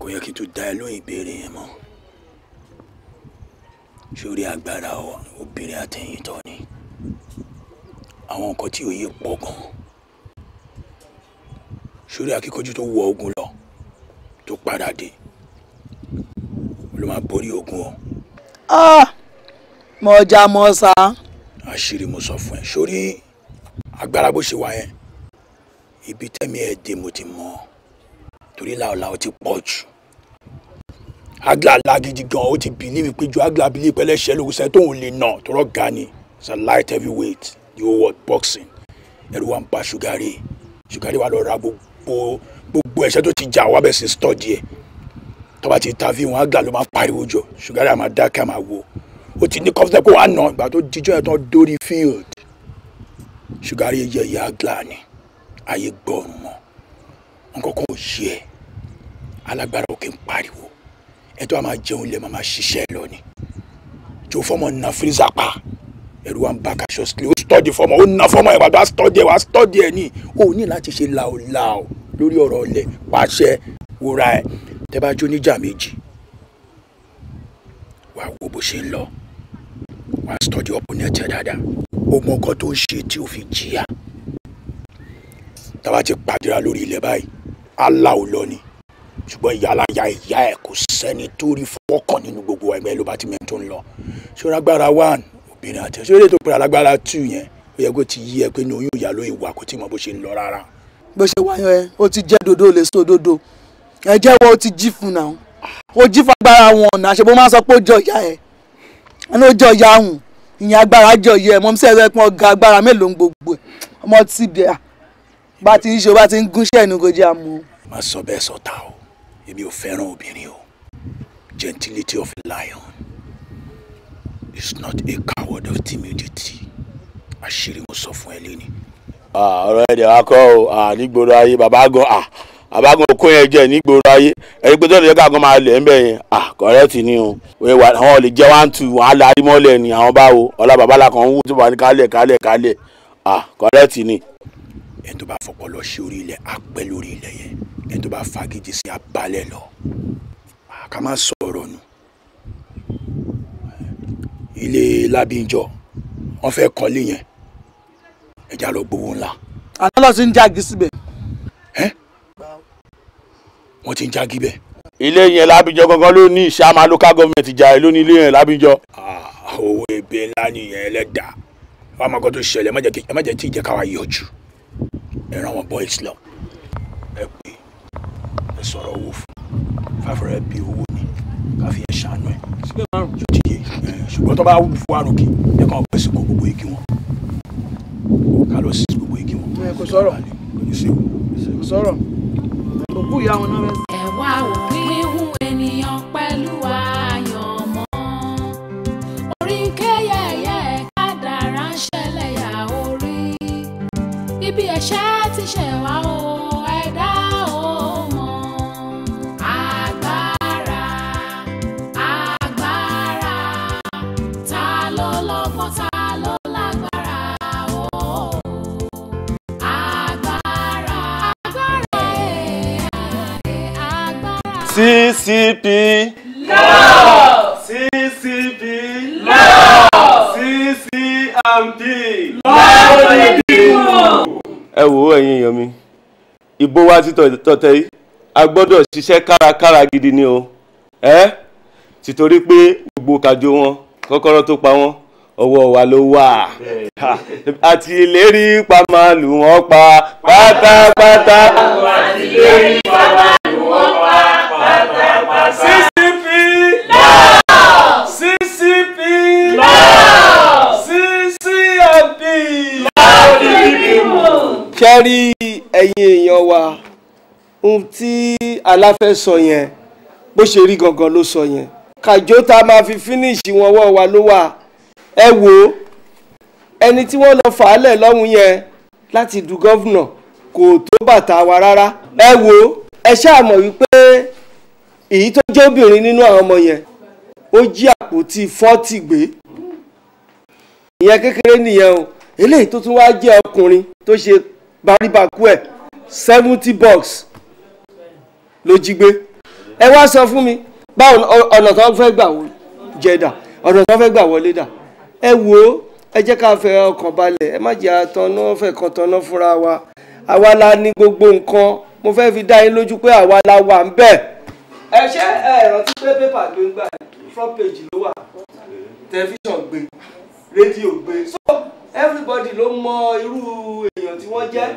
kò yẹ kí n tún dá ẹ lóyún ìbéèrè yẹn mọ́ sórí agbára obìnrin àtẹ̀yìn tọ́ ni àwọn nǹkan tí òye pọ̀ gan sórí akíkanjú tó wọ ogun lọ tó padà dé ló máa borí ogun ah, o. mọ ọjà mọ sá. àṣírí mo sọ fún ẹ sórí agbára bó ṣe wà yẹn ibi tẹ́mi ẹ̀ dé mo ti mọ̀ torí làálàá ó ti pọ̀ jù agbára gidi gan o ti bì níbi péjú agbára bíi pẹlẹsẹ lóògùsẹ tóun lè nà tọrọ gani it's a light heavyweight yóò wọ boxing ẹrù wa ń pa ṣùgárì ṣùgárì wa lọ ra gbogbo gbogbo ẹ̀ṣẹ̀ tó ti jà wá bẹ̀ sí stọ́ọ̀dì ẹ̀ tọ́ba ti ta fi wọn àgbà ló máa pariwo jọ ṣùgbọ́n àmà dákẹ́ àmà wo ó ti ní kọ́fíṣẹ́ pé wọ́n á nà ìgbà tó dijọ́ yẹn tán dórí field ṣùgbọ́n àyè yẹ ìyá àgbà ni ayé gbọ́ọ̀rùn mọ́ nǹkan kan ò ṣe ẹ́ alágbára òkè ń pariwo ẹ̀tọ́ àmà jẹun lẹ̀ máa ṣiṣẹ́ lọ ni jò fọmọ nà fírísà pa ẹ̀rù wa ń bá cautiously ó stọ́ọ̀dì fọmọ ó na fọmọ ẹ̀ wàá stọ́ọ̀dì ẹ̀ wàá stọ́ọ̀dì ẹ̀ ní o ní láti ṣe làólàó lórí ọ̀rọ̀ ọ̀lẹ̀ pàṣẹ wòra ẹ̀ tẹ́ bá jó níjà méjì wàá wo bó ṣe ń lọ wàá stọ́ọ̀dì opponent ẹ̀ dáadáa o mọ nǹkan tó ń ṣe tí o fi jìyà táwa ti pàdéra lórí ilẹ̀ báyìí aláwo lọ ni ṣùgbọ́n ìyálàyà ìyá ẹ̀ kò sẹ́ni tó rí fọ́kàn nínú gbogbo ẹgbẹ́ ló bá ti mẹ́tò ń lọ ṣọ́ra gbára one obìnrin àti ẹ̀ṣọ́ eré tó pèrè alágbára tù yẹn ó yẹ kó ti yí ẹ pé ní oyún ìyá ló ìwà kò tí mọ bó ṣe ń lọ rárá. bó ṣe wáyọ ẹ ó ti jẹ́ dodo lè so dodo ẹ jẹ́wọ́ ó ti jí fún náà ó jí fagbára wọn ọ̀nà àṣẹ máa sọ pé ó jọ ìyá ẹ ẹni ó jọ ìyá ọ̀hún ìyẹn agbára jọ ìyá ẹ mọ̀ sí ẹ̀rọ ẹ̀pọ̀n ọ̀gá agbára mélòó gbogbo ẹ̀ ọmọ tí bẹ́ẹ̀ bá ti ń ṣe bá ti ń gúnṣẹ́ ìnú kò àmú. má sọ bẹ́ẹ̀ sọ ta o èmi ò fẹ́ràn obìnrin o gentility of lion is not a coward of timidity àṣírí mo sọ fún ẹ lẹ́ni. ọ̀rọ̀ ẹ̀dẹ̀ wa kọ́ ọ nígboro ayé bàbá gan bàbá gan kó yẹn jẹ nígboro ayé ẹni pé tọ́lẹ̀ ká gan máa lẹ̀ ń bẹ̀ yẹn correct ni o àwọn lè jẹ́ one two wọ́n á la arímọ́lẹ̀ ni àwọn báwo ọlá bàbá la kàn ń wú tó bá ní kálẹ̀ kálẹ̀ kálẹ̀ correct ni. ẹni tó bá fọpọ́ lọ sí orí ilẹ̀ á lórí ilẹ̀ yẹn ẹni ilé lábíńjọ wọ́n fẹ́ kọ́lé yẹn ẹja lọ gbowó ńlá. àná lọ sí ń jági síbẹ̀. ẹ wọ́n ti ń jági bẹ́ẹ̀. ilé yẹn lábíńjọ gangan ló ní ìṣàmà local government ìjà ẹ̀ ló ní ilé yẹn lábíńjọ. owó ebe ńlá nìyẹn ẹlẹ́dàá wàá máa kọ́ tó ṣẹlẹ̀ ẹ má jẹ́ kí ìjẹ́ káwa yọjú ẹ ràn wọ́n boys lọ ẹ pé ẹ sọ̀rọ̀ owó fún fáfẹ́rẹ́ bí owó ni káfí ẹ ṣàánú ẹ ṣó ti yé ṣùgbọ́n tó bá fún àròkè ẹ kàn bẹ̀ sí gbogbo igi wọn ká lọ sí gbogbo igi wọn. kò sọ̀rọ̀ kò sọ̀rọ̀ kò kú ìyá wọn náà. ẹ wá wò wíwún ènìyàn pẹ̀lú àyànmọ́ orí kéyẹyẹ kádàrá ń ṣẹlẹ̀ yà orí ibi ẹ̀ṣẹ̀ ti ṣẹ̀ o. CCP. Love. CCP. Love. CCMP. Love the people. Ẹ wo ẹ̀yin èèyàn mi, ìbò wa ti tọ̀tẹ̀ yìí, a gbọ́dọ̀ ṣiṣẹ́ kárakára gidi ni o. Ẹ́ tìtorí pé gbogbo kàjọ wọn, kọ́kọ́rọ́ tó pa wọ́n ọwọ́ wa ló wà àti ìlérí pa máa lù wọ́n pa pátápátá. àti ìlérí pa máa lù wọ́n pa. CCP no CCP no CCP no kẹ́rí ẹ̀yin èèyàn wa ohun tí aláfẹ́ sọ yẹn bó ṣe rí gangan ló sọ yẹn kàjó tá a máa fi fínísì wọn wọ́ wa ló wà ẹ wò ó ẹni tí wọ́n lọ fà lọ́hùn yẹn láti du gọ́vnà kò tó bàtà wa rárá ẹ wò ó ẹ ṣáà mọ̀ wípé èyí tó jẹ́ obìnrin nínú àwọn ọmọ yẹn ó jí àpótí fọ́ọ̀tì gbé ìyẹn kékeré nìyẹn o eléyìí tó tún wá jẹ́ ọkùnrin tó ṣe báríbakú ẹ̀ seventy bucks ló jí gbé ẹ wá sọ fún mi báwo ọ̀nà tó fẹ́ gbà jẹ dà ọ̀nà tó fẹ́ gbà wọlé dà ẹ wò ó ẹ jẹ́ ká fẹ́ ọkàn balẹ̀ ẹ má jẹ́ àtọ̀nà fẹ́ kan tọ̀nà fúnra wa àwa la ní gbogbo nǹkan mo fẹ́ fi dá yín lójú pé àwa la wà ń bẹ́ẹ̀ ẹ ṣe ẹ rántí pé pépà gbé ń gbà front page ló wà tẹlifíṣàn gbé rédíò gbé so everybody ló mọ irú èèyàn tí wọ́n jẹ́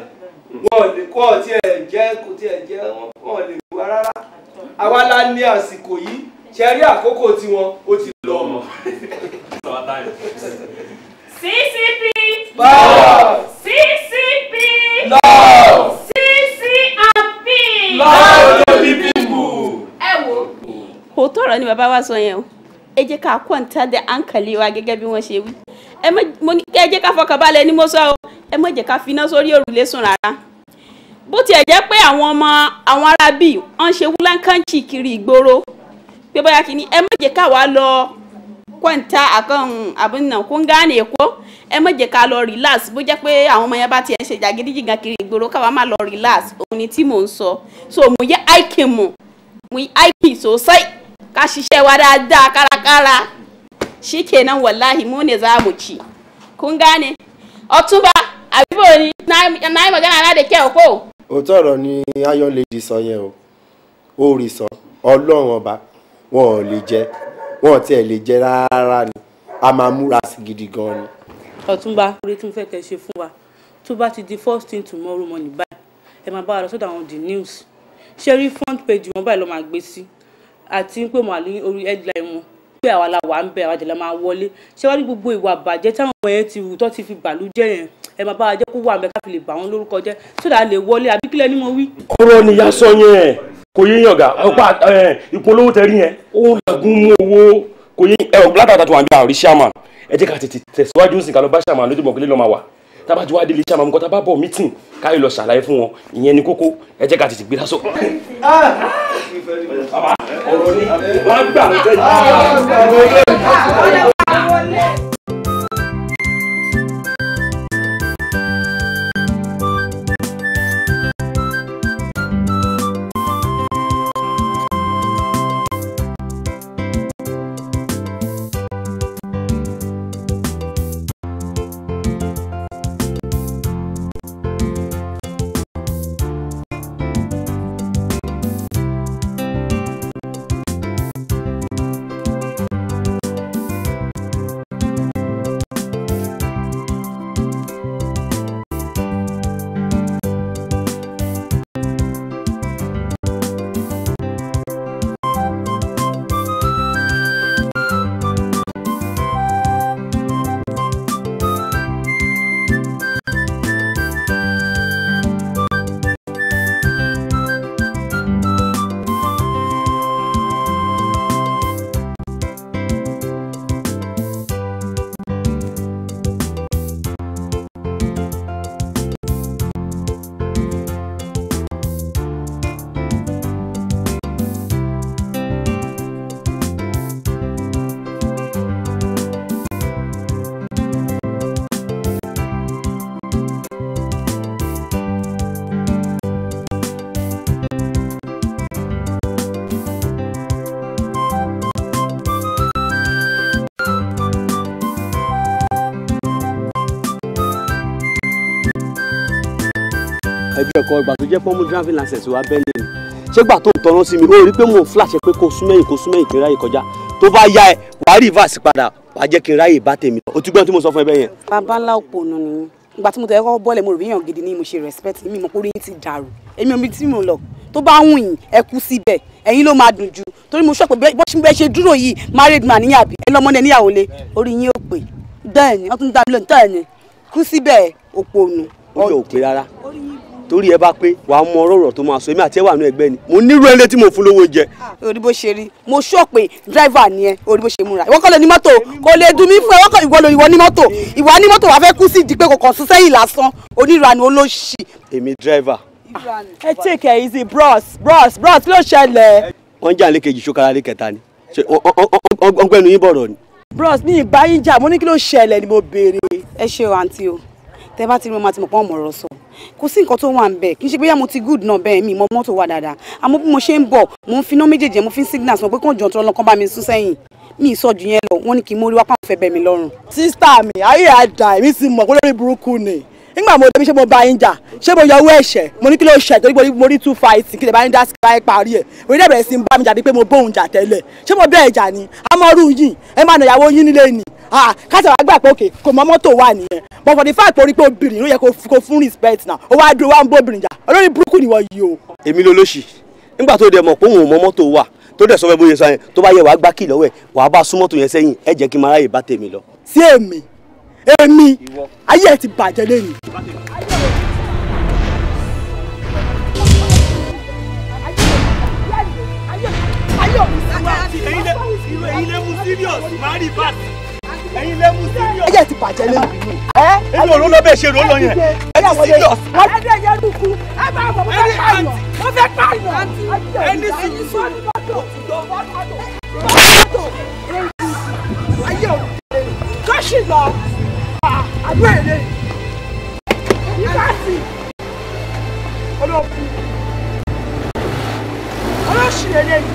wọn lè kọ́ ọtí ẹ̀ jẹ́ kò tí ẹ̀ jẹ́ wọn lè wá rárá àwa la ní àsìkò yìí ṣe rí àkókò tiwọn ó ti lọ ọmọ. CCP CCP love òótọ́ ọ̀rọ̀ ni bàbá wa sọ yẹn o ẹ jẹ́ ká kọ́ńtà dé àǹkàlẹ́ wa gẹ́gẹ́ bí wọ́n ṣe wí ẹ má mo ní kẹ́ ẹ jẹ́ ká fọkànbalẹ̀ ni mo sọ o ẹ má jẹ́ ká finá sórí òrùlé sùn rárá bó tiẹ̀ jẹ́ pé àwọn ọmọ àwọn ará bíi wọ́n ń ṣe wúláńkàǹchì kiri ìgboro pé bóyá kìíní ẹ má jẹ́ ká wàá lọ kọ́ńtà àkàn àbúnà kóńgáàní èkó ẹ má jẹ́ ká lọ relax bó jẹ́ pé àwọn ọmọ yẹn bá tiẹ̀ ṣe jàgídíjìgàn kiri ìgboro káwa má lọ relax òun ni tí mò ń sọ so mo yẹ aiki mo mo yẹ aiki sosai ká ṣiṣẹ́ wa dáadáa kárakára shikenan wallahi mu ne za mu ci kun gane ọtúnba àbíbò ni na yi magana na da kyau ko. òótọ́ ọ̀rọ̀ ni ayọ̀ lè di sọ yẹn o ó rí sọ ọlọ́run ọba wọn ò lè jẹ wọn ò tiẹ̀ lè jẹ rárá ni a máa múra sí gidi gan ni. ọ̀túnba orí tí fẹ́ kẹ́ ṣe fún wa tó ti di first thing tomorrow morning báyìí ẹ máa bá wa lọ sọ́dọ̀ àwọn the news ṣé rí front page wọn báyìí ló máa gbé sí. Si àti pé mo wà ní orí headline wọn pé àwa la wà ń bẹ àwa jẹ̀lá máa wọlé ṣé wàá ní gbogbo ìwà bàjẹ́ táwọn ọmọ yẹn ti hù tó ti fi bàlú jẹ́ yẹn ẹ máa bá wa jẹ́ kó wà mẹ́ka fi lè bà wọ́n lórúkọ jẹ́ sódà lè wọlé àbí kílẹ̀ ni mo wí. ọ̀rọ̀ nìyá sọ yẹn kò yé yàn gà ọ̀pá ìpolówó tẹ̀rí yẹn ó làgùn mú owó kò yé ẹ̀ látàtà tó wà ẹ jẹ́ ká tètè tẹ̀síwájú sí ká lọ bá ṣàmà lójúmọ̀ kílé lọ́ máa wà tábà ti wá délé iṣẹ́ àmàmùkọ́ tábà bọ̀ mítìn káyọ̀ lọ ṣàlàyé fún wọn ìyẹn ni kókó ẹ ká tètè gbé lásọ. ọ̀rọ̀ ni wọ́n gbà kọ ìgbà tó jẹ́ pọ́nmú driving license wa bẹ́ẹ̀ ni ṣé gbà tó ń tọrọ sí mi ó rí pé mò ń flash pé kó súnmẹ́yìn kó súnmẹ́yìn kí n ráyè kọjá tó bá yá ẹ wàá reverse padà wàá jẹ́ kí n ráyè bá tèmi o ti gbọ́n tí mo sọ fún ẹ bẹ́ẹ̀ yẹn. bàbá ńlá òpònú nìyẹn ìgbà tí mo tẹ̀ kọ́ bọ́ọ̀lù mo rò yàn gidi ni mo ṣe respect mi mo kórè ti dàrú èmi omi tí mo lọ tó bá wù yín ẹ kú síbẹ̀ ẹ̀yin ló máa dùn jù torí mo sọ pé bó ṣe dúró yìí married man níyà bí ẹ lọ́mọ náà níyàwó lé orí yín ò pé bẹ́ẹ̀ ni wọ́n tún dá mi lóhùn tẹ́ẹ̀ ni kú síbẹ̀ òpònú. ó yọ òpè rárá torí ẹ bá pé wà á mọ ọ̀rọ̀ tó máa sọ èmi àti ẹ wà ní ẹgbẹ́ ni mo nírú ẹni tí mo fún lówó jẹ. Ah, orí bó ṣe rí mo sọ pé dráìvà ni ẹ orí bó ṣe múra ìwọ kọ́ lè ní mọ́tò kò lè dùn mí fún ẹ wọ́n kọ́ ìwọ lè ìwọ ní mọ́tò ìwọ ní mọ́tò wàá fẹ́ kú sí ìdígbé kò kàn sún sẹ́yìn lásán onírànú olóṣì. èmi dráìvà. ẹ take it easy bros bros bros ló ṣẹlẹ̀. wọ́n jà lékejì ṣókàlà lé kẹta ni ọgbẹ́nu yín bọ̀rọ̀ ni. bros ní ìbáyín jà mo ní kí ló ṣẹlẹ̀ ni mo béèrè. ẹ ṣe o àǹtí o tẹ bá ti rí mo máa ti mọ̀ pọ́n mọ̀ ọ̀rọ̀ sọ kò sí nǹkan tó wà ń bẹ̀ kì í ṣe bóyá mo ti good náà bẹ́ẹ̀ mi mọ mọ́tò wà dáadáa àmọ́ bí mo ṣe ń bọ̀ mo ń finá méjèèjì mo fi ń signal sọ pé kàn jọ̀ ọ́n lọ́kàn bá mi sún sẹ́yìn mi ì sọ yẹn lọ wọ́n ní kí n mórí wá pàmò fẹ́ bẹ́ mi lọ́rùn. sísá mi ayé àdá èmi ti mọ̀ kó lórí burúkú ni nígbà mo débi ṣé mo bá yín jà ṣé mo yọwọ́ ẹ̀ṣẹ̀ mo ní kí ló ṣẹ̀ torí mo rí two fight kí lè bá yín dá sí káyé parí ẹ̀ mo rí dẹ̀bẹ̀rẹ̀ sí bá mi jà ní pé mo bóun jà tẹ́lẹ̀ ṣé mo bẹ́ẹ̀ jà ni amọ́rú yìí ẹ máa nà ìyàwó yín nílé ni káṣà wàá gbà pé òkè kò mọ mọ́tò wà nìyẹn but for the fact pé orí pé obìnrin ló yẹ kó fún respect náà ó wá dúró wá ń bó obìnrin jà olórí burúkú ni wọ́n yìí o. èmi ló lóṣì nígbà tó dẹ̀ mọ̀ pé òun ò mọ mọ́tò wà tó dẹ̀ sọ fẹ́ bóyá sáyẹn tó bá yẹ wàá gbá kì lọ́wọ́ ẹ̀ wàá bá sún mọ́tò yẹn sẹ́yìn ẹ jẹ́ kí n máa ráyè bá tèmi lọ. sí èmi èmi ayé ẹ ti bàjẹ́ lẹ́yìn. ayé ò ní sinmi àti ìrú èyí lé mú serious máa rí bàtì ẹ̀yin lẹ mú serious. ẹ̀jẹ̀ ti bàjẹ́ lé mi. ẹ ẹni òróró bẹ́ẹ̀ ṣe rò ó lọ yẹn. ẹ ti serious. ẹ dẹ̀ yẹ dùkú ẹ bá bọ̀ mo fẹ́ pààyàn mo fẹ́ pààyàn. ẹni sùn sùn ayé o kọ́ṣì I'm not èlé ìfásì olóòkú olóṣìlélẹ́yìn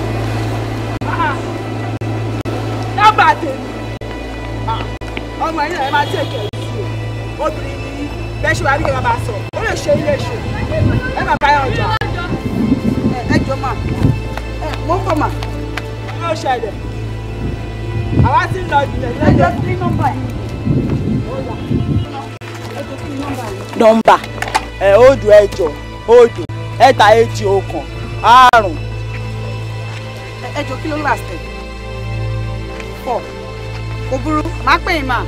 dábàá tèmi ọmọ ẹni ẹ máa tẹ̀ kẹ̀ sí o obìnrin ni bẹ́ẹ̀ ṣe wà ní kẹ́kẹ́ sọ ó lè ṣe ilé ṣe ẹ máa bá yà ọjà ẹ jọ mà ẹ mọ ń bọ̀ mà ní ó ṣẹlẹ̀ àwa ti ń lọ jùlẹ̀ lẹ́jọ́ sí nọ́mbà ẹ̀ nọ́mbà ẹ òdo ẹ̀jọ òdo ẹ̀ta èjì ọ̀kan àrùn. ẹ̀jọ kí ló ń last ẹ four kò burú má pè é mà.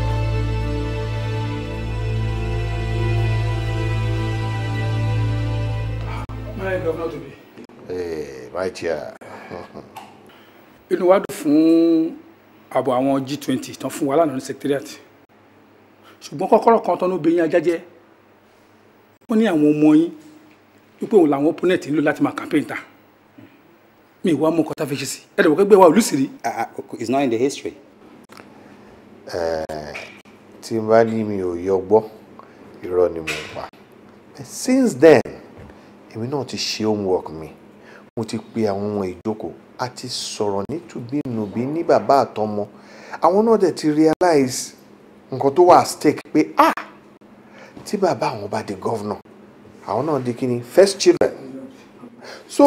Eh, Inú wa dùn fún àbọ̀ àwọn G20 tán fún wa lánàá ní secretariat. Ṣùgbọ́n kọ́kọ́rọ́ kan tán ló bẹ ajájẹ́. Wọ́n ní àwọn ọmọ yín wípé òun làwọn opponent ń lò láti máa campaign ta mi ìwà mú nǹkan tá fi ṣe sí ẹ̀rọ ìwọ̀n kẹgbẹ́ wa ò lùsìrí. Ah, ah, it's not in the history. Eh, tí n bá ní mi ò yọgbọ́ irọ́ ni mo pa since then èmi náà ti ṣe homework mi mo ti pe àwọn ọmọ ìjókòó a ti sọ̀rọ̀ nítubínubí ní bàbá àtọmọ àwọn náà dẹ̀ ti realize nǹkan tó wà at stake pé ah tí bàbá àwọn bá di governor àwọn náà di kíni first children so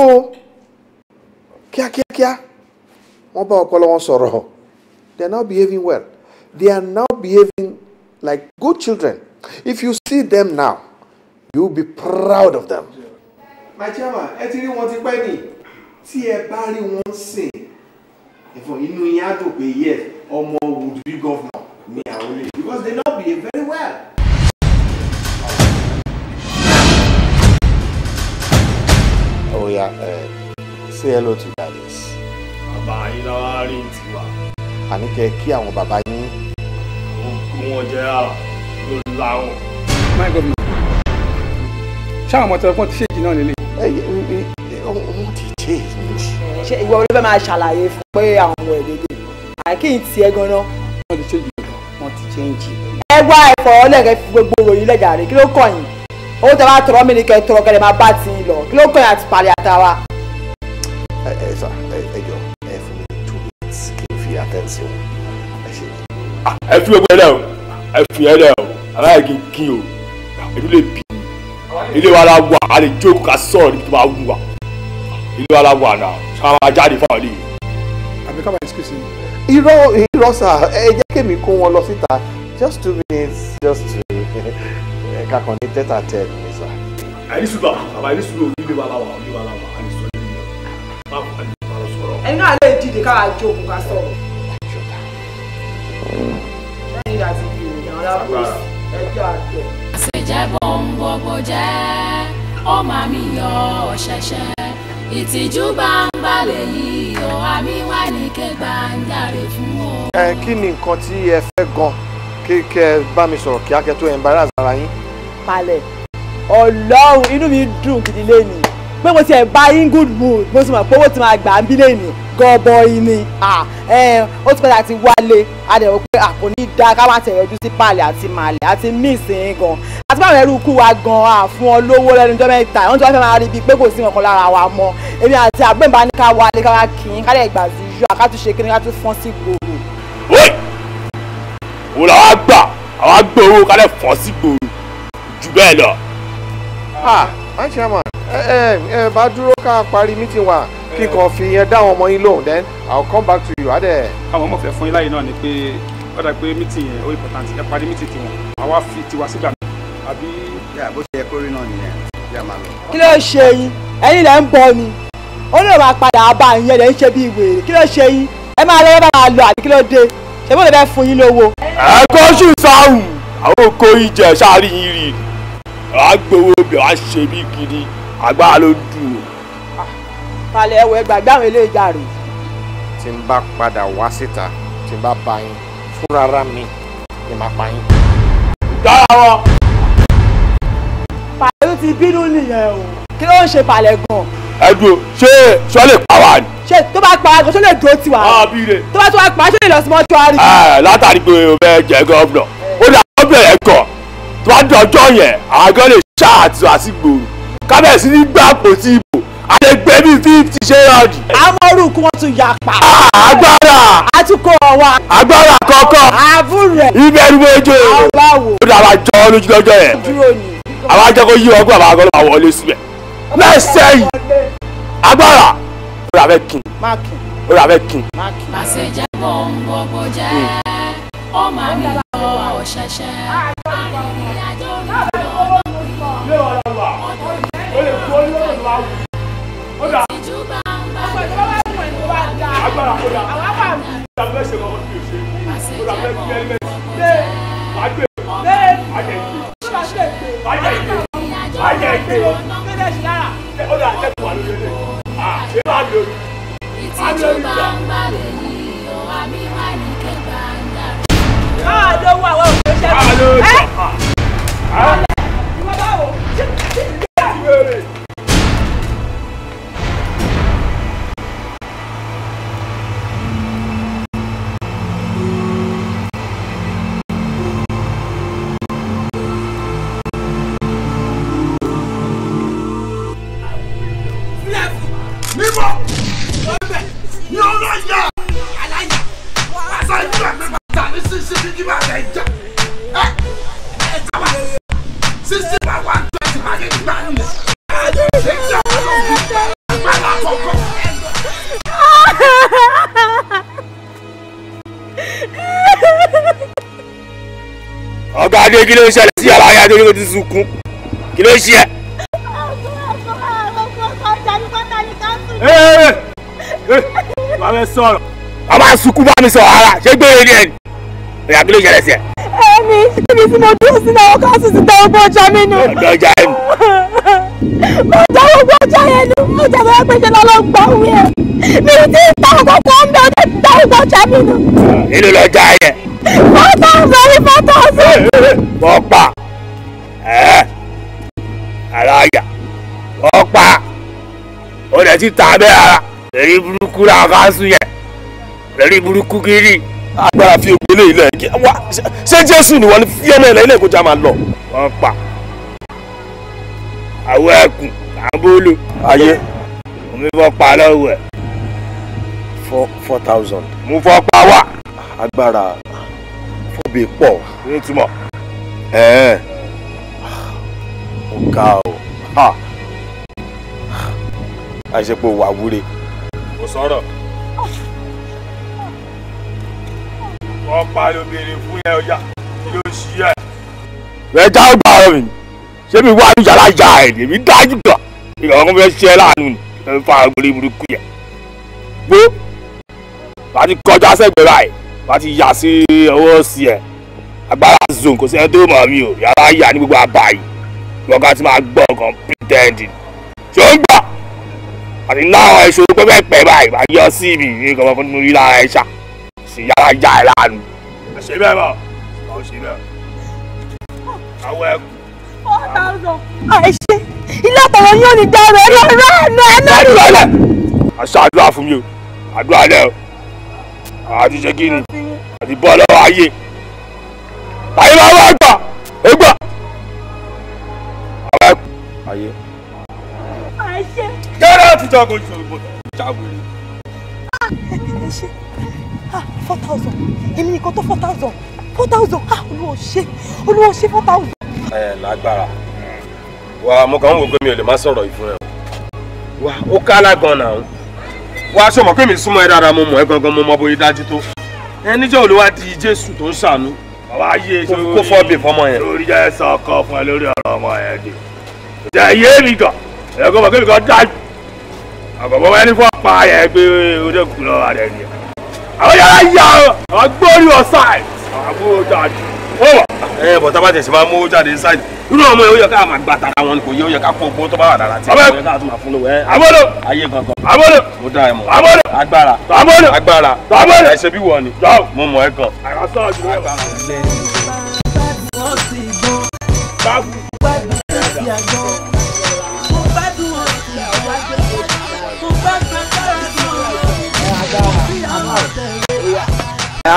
kíákíákíá wọ́n bá ọpọlọ wọn sọ̀rọ̀ they are not behaving well they are now behaving like good children. If you see them now, you'll be proud of them. My chairman, ẹ ti rí wọn ti pẹ́ nì tí ẹ bá rí wọn sìn ẹ̀fọn inú yín á dùn pé yes ọmọ would be governor ní because they not behave very well. Oh yeah, uh, say hello to daddies. Bàbá yín lọ́wọ́ rí tiwa. Àníkẹ́ I àwọn bàbá yín jẹ á ló my government ṣáà ọmọ tẹlifọ̀n ti ṣèjì náà lélẹ̀. ọmọ ti jẹ́ ṣe ìwọ ló fẹ́ máa ṣàlàyé fún pé àwọn ọmọ ẹ̀dẹ́gbẹ̀ àkí ń tiẹ̀ gan-an. wọ́n ti ṣèjì wọ́n ti ṣèjì. ẹ wá ẹ̀fọ́ ọlẹ́gẹ̀ẹ́ fi gbogbo ròyìn lẹ́jà rẹ̀ kí ló kàn owó tẹ bá tọrọ mi ni kẹ tọrọ kẹlẹ máa bá ti lọ kí ló kàn àti parí ata wa. ẹ ẹ sọ ẹ jọ ẹ fún mi two minutes kí n fi àtẹ̀sí wọn ẹ ṣe. Ah, ẹ fi gbogbo ẹ lẹ́wọ̀n ẹ o aláyẹ kí o ìlú lè bì ilé wa la wà á lè jókòó ká sọ̀rọ̀ tó bá wù wá ilé wa la wà náà ṣáà máa jáde fáwọn ilé yìí. àbí ká excuse me. irọ́ irọ́ sà ẹ jẹ́ kémi kó wọn lọ síta just two minutes just to ẹ̀ka kan ní tẹ́tà tẹ́ ẹ̀ sà. àyè sùgbà àbá àyè sùgbà ilé wa la wà ilé wa la wà àyè sọ̀rọ̀ ilé wa la wà àyè sọ̀rọ̀. dìde ká jókòó ká sọ̀rọ̀ agbára. àṣejẹ́ bò ń gbogbo jẹ́ ó máa mi yọ ọ̀ṣẹ̀ṣẹ̀ ìtìjú gbangba lèyí ẹ kí ni nǹkan tí ẹ fẹ́ gan kéèké bá mi sọ̀rọ̀ kíákẹ́ tó embarrass ara yín. palẹ̀ ọlọ́run inú mi dùn kìdílé ni pé mo ti ẹ̀ bá in good mood mo sì mọ̀ pé owó ti máa gbà ń bí lẹ́nu gọbọi ni ó ti padà ti wálé adẹ̀wò pé àpò ní dá ká má tẹ̀ yọjú sí palẹ̀ àti màlẹ̀ àti mísìn gan àti báwọn ẹrú kú wa gan àfún ọ lówó lẹ́nu ọjọ́ mẹ́ta wọ́n ti wá fẹ́ máa rí bíi pé kò sí nǹkan lára wa mọ́ èmi àti àbúrò ìbá ní ká wálé ká wá kì í ká lè gbà sí yọ àká tún ṣe kí ni ká tún fọ́n sí gbòòrò. wò làwọn gbà àwọn gbòòrò ká lè fọ́n sí gbòòrò jù bẹ́ẹ̀ lọ. ah àǹtí àmà ẹ ẹ bá dúró ká parí meeting wa kí kan fi yẹn dá àwọn ọmọ yín lóhùn then i will come back to you adẹ. àwọn ọmọ fẹ́ fún yín láyé náà ni pé ó dà meeting yẹn ó important ẹ parí meeting tiwọn àwa fi tiwa sígbà mi àbí. yà bó ṣe yẹ kórè náà nìyẹn yà máa lọ. kí ló ṣe yín ẹ̀yin lẹ ń bọ ni ó lè máa padà bá yín lẹ ń ṣe bí wèrè kí ló ṣe yín ẹ máa lọ́wọ́ bá máa lọ àbí kí ló dé ṣé bó lè fẹ́ fún yín lówó. ẹ kọ́ sáhùn àwọn òkò ìjẹ̀ sáà yín rí i àgbòwò bẹ̀ agbára ló dùn. palẹ̀ ẹ̀wọ̀ ẹgbà gbàmí lè jà rè. tí n bá padà wá síta tí n bá bá yín fúnra mi ni màá pa yín. dára wọn. palẹ̀ ló ti bínú nìyẹn o kí ló ń ṣe palẹ̀ gan-an ẹdùn ṣé ṣọ lè pa wá ni. ṣe tó bá pa àgọ́ ṣọ lè dúró tiwa. a bí re. tó bá tó bá pa ṣọ lè lọ sí mọ́túárì. ẹ látàrí pé o bẹ jẹ gómìnà ó dà gómìnà yẹn kọ tó bá dọjọ́ yẹn àgọ́ lè ṣáà àti àsìgbòrò kábẹ̀ sí ní gbà àpótí ìbò àtẹgbẹ́ bíi fíìtì ṣe rọ̀dì. amọ̀rù kí wọ́n tún yà pa. Ah, agbára. àtúkọ ọwọ́. agbára kọ̀ọ̀kan. àbúrẹ̀. ibẹ̀ ni mo jẹ́ o. ọba wo. ó dàbà jọ ọ lójú lọ́jọ́ yẹn. dúró ni. àwọn ajẹ́ kó yí wọn kó àwọn akọ́lọ́ máa wọlé síbẹ̀. lẹ́sẹ̀ yìí agbára. ó rà bẹ́ kin. má kin. ó rà bẹ́ kin. má hmm. bọ̀ ń gbọ́ bọ̀ jẹ́ ọmọ mi lọ bá wù ó dà ọgbà ìjọba bá wù ẹ̀ tó bá dà agbára ó dà àwọn àbá mi. ìjà bẹ́ẹ̀ ṣe lọ́wọ́ tí o ṣe ó dà bẹ́ẹ̀ fi ẹlẹ́mẹ̀ lé àgbẹ̀ àjẹ̀ ìgbé àjẹ̀ ìgbé àjẹ̀ ìgbé ó dà ẹ̀ tó wà lórí ẹ̀ à ṣé bá mi ò ní bá mi ò ní jà. Àdówó àwọn òṣèṣẹ́. Àdówó ìjọba. Ìwọ báwo? adé kí ló ń ṣẹlẹ̀ sí ara ayé adé tó sunkún kí ló ṣe ẹ. wàá fẹ́ sọ̀rọ̀. ọmọ àsùnkún bá mi sọ ara ṣé gbé eré ẹ̀ ní ìyá kí ló ṣẹlẹ̀ sí ẹ. ẹni kíni tí mo dúró sí náà ọkọ sì ti tẹ ọgbọ ọjà mi nù. ọgbọ ọjà ẹ nù. mo tẹ ọgbọ ọjà yẹn nù mo tẹ ọgbọ ọjà yẹn lọ lọ gbọ òwe ẹ mi ò tí ì ta ọkọ mi ò tẹ́ dárúkọ ọjà mi nù. èlò lọ́jà yẹn. four thousand ní four thousand. wọ́n pa aláya wọ́n pa ó lè ti ta abẹ́ ara lórí burúkú la ká sùn yẹn lórí burúkú kiri. agbára fi ògbé lè ilẹ̀ kí wá ṣé jésù ni wọ́n ní fíọ́nà ilẹ̀ ilẹ̀ ìkọjá máa lọ. wọ́n pa àwọn ẹkùn àbólò. ayé. omi fọ́ pa lọ́wọ́ ẹ̀ four four thousand. mo fọ pàwà. agbára fọbi pọ. ní ìtumọ̀. ẹ̀ẹ́n ọ̀gá o àìsèpò wà wúre. kò sọ̀rọ̀ wọ́n parí obìnrin fún ẹ ọjà kí ló ṣí ẹ. rẹ já ó gbà mí ṣé mi wá ní yàrá ìyá ẹ èmi dájú kan ìgbà wọn fẹ́ ṣe ẹ láàánú ní ẹ fà á gbélé burúkú yẹn. gbó wàá ti kọjá sẹ́gbẹ̀ẹ́ báyìí wàá ti yà sí ọwọ́ sí ẹ̀ agbára zone kò sẹ́ni tó mọ̀ mí o yàrá yà ní gbogbo àbá yìí lọ́gà tí máa gbọ́ nǹkan pretending tí ó ń gbà àti láwọn ìṣòro pẹ́pẹ́ pẹ́ báyìí máa yọ sí ibi ní nǹkan kan nínú lára ẹ̀ ṣá yàrá yà ẹ̀ láàánú. ẹ ṣe bẹ́ẹ̀ mọ̀ ọ ṣe bẹ́ẹ̀ àwọn ẹ̀kú. àìṣe ilé àtọ̀rọ̀ yóò ní dára ẹ̀ lọ́rọ̀ ẹ̀ náà ẹ̀ náà. àṣà àdúrà fún mi o àdúrà lẹ̀ o àti ṣe kí ni àti bọ́ lọ́wọ́ ayé ayé máa wá gbà ó gbà àwọn ẹkù ayé. kẹ́rẹ́ àti jago ìṣòro jago ìṣòro. four thousand èmi nìkan tó four thousand four thousand ah, olúwo ṣe olúwo ṣe four thousand. ẹ lágbára wa mo kàn ń wo pé mi ò lè má sọ̀rọ̀ ìfún ẹ wa ó ká lágan náà wá aṣọ mọ̀ kémi súnmọ́ ẹ dáadáa mo mọ̀ ẹ gangan mo mọ bóyá dájú tó ẹ níjọ́ olúwa jésù tó ń ṣàánú bàbá ayé kó fọ́ bè fọmọ yẹn. lórí jẹ́ sọ ọkọ fún ẹ lórí ọ̀rọ̀ ọmọ yẹn dè jẹ́ iye mi gan ẹ kó mọ̀ kémi gan dájú àgbàgbọ́ ẹni fún apá yẹn gbé odòkú lọ́wọ́ rẹ̀ àwọn yàrá yà àwọn gbórí ọ̀sáì àwọn gbórí ọ̀dájú wọ́n wà. ẹ bọ̀ tá a bá tẹ̀sí máa mú jáde ṣáìdì irú ọmọ yẹn ó yẹ ká máa gba tara wọn kò yẹ ó yẹ ká kó gbó tó bá wà dára tí ó yẹ ká tó máa fún lówó ẹ. àbọ̀dọ̀ ayé gangan. àbọ̀dọ̀ mo dá ẹ mọ̀. àbọ̀dọ̀ agbára. àbọ̀dọ̀ agbára. àbọ̀dọ̀ ẹ̀ṣẹ̀ bí wọ̀ ni. jọ mo mọ̀ ẹ́ gan. àgbàsọ̀ ọ̀dùn ẹ̀ bá mi.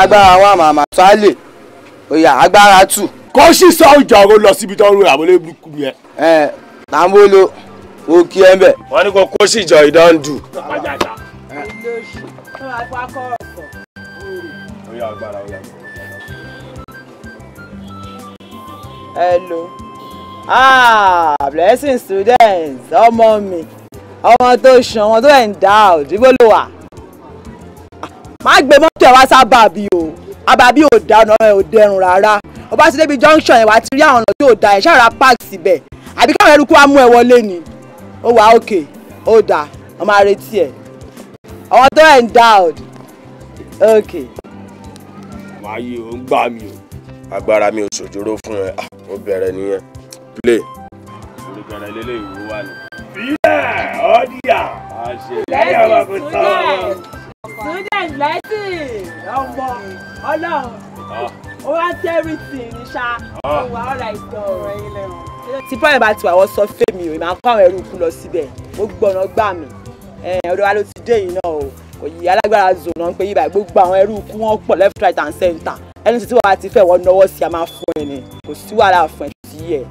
agbára wa màmá sálè oya agbára tù. kó sì sọ ọjà ro lọ síbi tó ń rìn àbúlé burúkú yẹn. ẹ tàǹbólò o kí ẹ bẹ. wọn ní kò kó sì jọ ìdándù. hello ah blessing students ọmọ mi ọmọ tó ṣan ọmọ tó ẹ̀ ń dá òdìbò ló wà ah, má gbé mọ́tò ẹ̀ wá sábà bí àbábí ò da ọ̀nà ẹ̀ ò dẹrùn rárá ọba ti débi junction yẹn wàá ti rí àwọn ọ̀nà tí ò da ẹ̀ ṣàrà park síbẹ̀ àbí káwọn ẹrú kó wá mú ẹ wọlé ni ó wà òkè ó da ọmọ àrètí ẹ àwọn tó ẹ̀ ń endowed òkè. màá yí o ń gbà mí o. agbára mi ò ṣòjóró fún ẹ ah, ó bẹ̀rẹ̀ nìyẹn play. olùkọ́ni eléyìí wò wá ní. bílẹ̀ ọ́díà. a ṣe lẹ́yìn ọmọ kò tán student blessing ọmọ ọlọ́run ah. ó Oh. sí everything ní ṣá ìwà ọ̀la ìtọ̀ ọ̀rọ̀ ilé wọn. tí pọ́ọ̀lù bá ti wà wọ́n sọ fèmí o ìmọ̀ àpá àwọn ẹrú kú lọ síbẹ̀ ó gbọ̀nà gbà mí ọ̀dọ̀ eh, wa ló ti dé yìí náà o kò yí alágbára zòòna pé yíba gbogbo àwọn ẹrú kú wọn pọ̀ left right and center ẹni tí wàá ti fẹ́ wọ́n náwó sí a máa fún ẹ ni kò sí wàhálà fún ẹ sí yẹ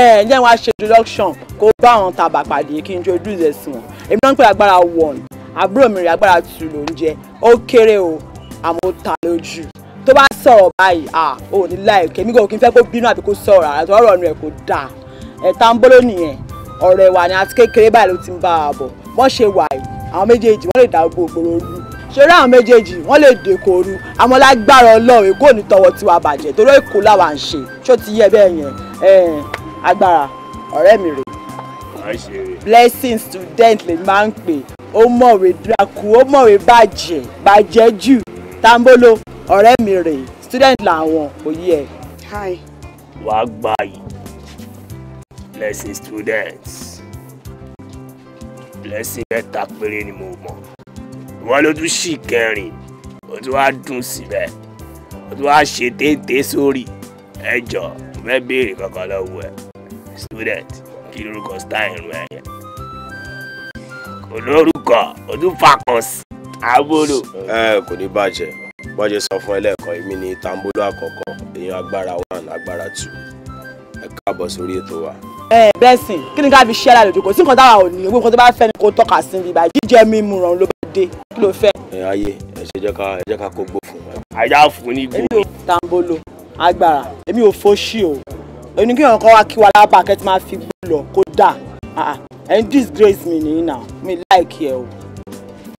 ẹ eh, ǹjẹ́ wọn á ṣe introduction kó bá àwọn tàbà pàdé kí n introduce ẹ̀ sí wọn èmi náà ń pè agbára one àbúrò mi rẹ̀ agbára tù ló ń jẹ ó kéré o àmọ́ ta lójú tó bá sọ̀rọ̀ báyìí à ò ní láìké mi kò kí n fẹ́ kó bínú àbí kó sọ̀rọ̀ àti ọ̀rọ̀ rẹ̀ kò dáa ẹ̀ta ń bóló nìyẹn ọ̀rọ̀ ẹ̀wà ni àti kékeré báyìí ló ti ń bá a bọ̀ wọ́n ṣe wà yìí àwọn méjèèjì wọ́n lè dá gbogbo ooru ṣeré àwọn méjèèjì wọ́n lè dèkò ooru àmọ́ lágbára Ọlọ́run èkó ní tọwọ́ tiwa bàjẹ́ torí èkó làwa ń ṣe ṣó ti yẹ bẹ́ẹ̀ yẹn agbára ọ̀rẹ́ mi rè blessing student lè máa ń pè ó mọ̀wé draku ó mọ̀wé bàjẹ́ bàjẹ́ jù tambolo ọ̀rẹ́ mi rè student làwọn kò yẹ. wà á gbà yìí blessing students blessing mẹ́ta péré ni mo mọ̀ wọ́n ló tún ṣì kẹrin ó tún wá dùn síbẹ̀ ó tún wá ṣe téńté sórí ẹjọ́ mo fẹ́ béèrè kankan lọ́wọ́ ẹ̀ student kí lorúkọ style rẹ̀ yẹn olórúkọ olúfàkànsì àbúrò. ẹ kò ní bàjẹ́ wọ́n ṣe sọ fún ẹlẹ́ẹ̀kan èmi ní tambolo àkọ́kọ́ èèyàn agbára one agbára two ẹ káàbọ̀ sórí ètò wa. ẹ bẹ́ẹ̀ sìn kí ni ká fi ṣẹ́ra lòdì kò sí nǹkan táwa ò ní owó nǹkan tó bá fẹ́ ni kò tọ́ka sí ibi ìbàjẹ́ jíjẹ mímu ràn ló bá dé kí ló fẹ́. ẹ ayé ẹ ṣe jẹ́ ká ẹ jẹ́ ká kó gbó fún ẹ. ajá fún ní gbó. èmi ò tambolo agbára èmi ò fọ́ sí o oníkíyàn kan wá kí wa lábàá kẹ́tì máa And ń disgrace me now. Me like you.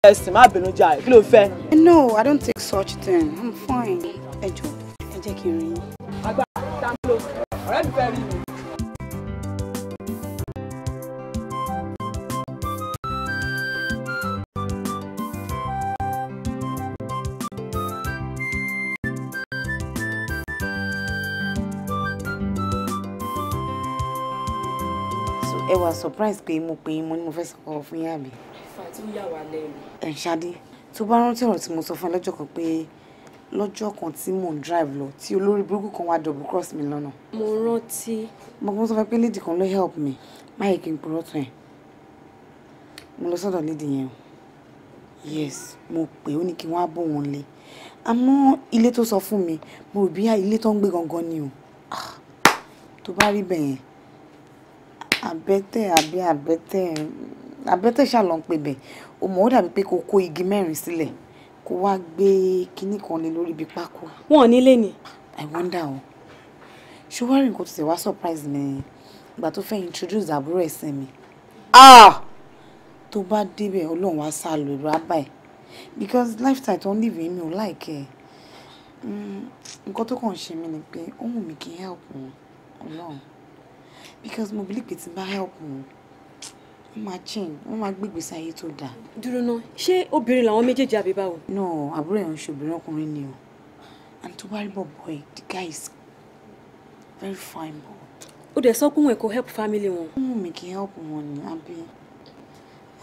Yes, ẹ̀sìn má bínú jà kí ló fẹ́. no i don't take such thing i'm fine Enjoy. Enjoy ẹ jẹ́ kí n rí yín. àgbà tá ẹ wà surprise pé mo pè é mo ní mo fẹ́ sọ̀rọ̀ fún yá mi. ìfà tí ó yà wá lẹ́nu. ẹ̀ ṣadé tó bá rántí ọ̀rọ̀ tí mo sọ fún ẹ lọ́jọ́ kan pé lọ́jọ́ kan tí mò ń drive lọ tí olórí burúkú kan wá double cross mi lọ́nà. mo rántí. mo kàn sọ fún ẹ pé lady kan ló help me má yẹ kí n purọ́ tán ẹ̀ mo lọ sọ́dọ̀ lady yẹn o yes mo pè ó ní kí wọ́n á bò wọ́n lé àmọ́ ilé tó sọ fún mi mo rò bí ilé tó ń gbé gangan ni o ah, tó bá rí bẹ́ẹ̀ yẹn Abẹ́tẹ̀ àbí àbẹ́tẹ̀, àbẹ́tẹ̀ ṣà lọ ń pe bẹ̀. O mọ̀ ó dàbí pé ko kó igi mẹ́rin sílẹ̀, kó wá gbé kiní kan lé lórí ibi pákó. Wọ́n ò nílé ni. I wonder o. Ṣé wá rí nǹkan tó ṣe wá surprise mi ìgbà tó fẹ́ introduce àbúrò ẹ̀ mi? Ah! Tó bá débẹ̀ Ọlọ́run wá sá lọ ẹ̀rù á bà Because lifestyle tó ń live yìí mi ò like ẹ̀. Hmm, nǹkan tó kàn ṣe mí ni pé ó wù mí kí n help wọn, Ọlọ́run because mo believe pé help wọn wọ́n máa change wọ́n máa gbé ìgbésí ayé tó dáa. dúró náà ṣé obìnrin làwọn méjèèjì àbí no àbúrò ẹ̀ ń ṣe obìnrin ni o and to bá rí boy the guy is very fine boy. ó dẹ̀ sọ pé wọn kò help family wọn. wọn mi kì help wọn ni àbí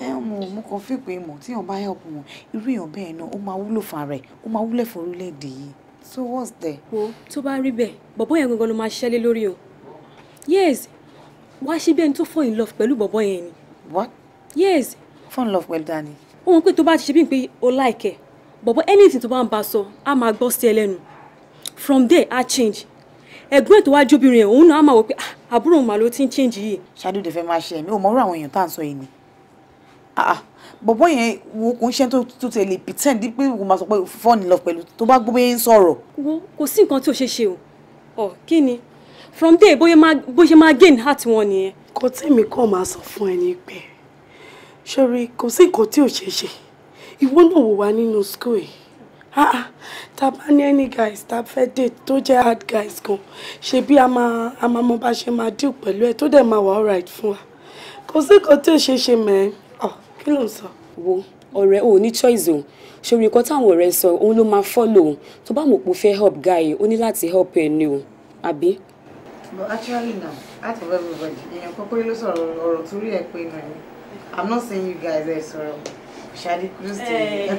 ẹ ọmọ mo kàn fi pé mọ tí wọn bá help wọn irú èèyàn bẹ́ẹ̀ náà ó máa wúlò fún ara ẹ̀ ó máa wúlò fún orílẹ̀-èdè so what's there. wo to bá rí bẹ́ẹ̀ bọ̀bọ́ yẹn gangan ló máa ṣiṣẹ́ lé o yes wá ṣe bí ẹni tó fall in love pẹ̀lú bọ̀bọ̀ yẹn ni. what. yes. fall in love pẹ̀lú dani. ó mọ̀ pé tó bá ti ṣe bí pé o like ẹ̀ bọ̀bọ̀ anything tó bá ń bá sọ a máa gbọ́ sí ẹ lẹ́nu from there á change ẹ̀gbọ́n ẹ̀ tó wá jóbìnrin ẹ̀ òun náà á máa wọ pé ah, àbúrò màá ló ti ń change yìí. ṣáájú dẹ̀ fẹ́ máa ṣe ẹ̀mí ò mọ̀rọ̀ àwọn èèyàn tá à ń sọ yìí ni ah, ah, bọ̀bọ̀ yẹn wo kò ń ṣe tó tẹ̀lé pretend pé o máa sọ pé fall in love pẹ̀lú tó bá gbọ́ bẹ́ẹ̀ ń sọ̀rọ̀. wo kò sí nǹkan tí o ṣe ṣe o ọ kí ni from there bó ṣe máa gain heart wọn nìyẹn. kò tẹ́mi kọ́ máa sọ fún ẹni pé ṣọ́rí kò sí nǹkan tí ò ṣeé ṣe ìwọ náà wò wá nínú school yìí tá ah, a ah, bá ní any guys tá a fẹ́ date tó jẹ́ hard guys gan ṣebí a máa mọ bá ṣe máa deal pẹ̀lú ẹ tó dẹ̀ máa wà alright fún wa kò sí nǹkan tí ò ṣeé ṣe mẹ́ẹ́ ọ ah, kí ló ń sọ. wo ọ̀rẹ́ ò ní choice o ṣòro nǹkan táwọn ọ̀rẹ́ sọ òun ló máa follow tó bá mọ̀ pé ó fẹ́ help guy O ní láti help ẹ ni o àbí. But actually now, out of everybody, èèyàn kan péré ló sọ̀rọ̀ or torí really pé náà I'm not saying you guys are so shady, Cruz to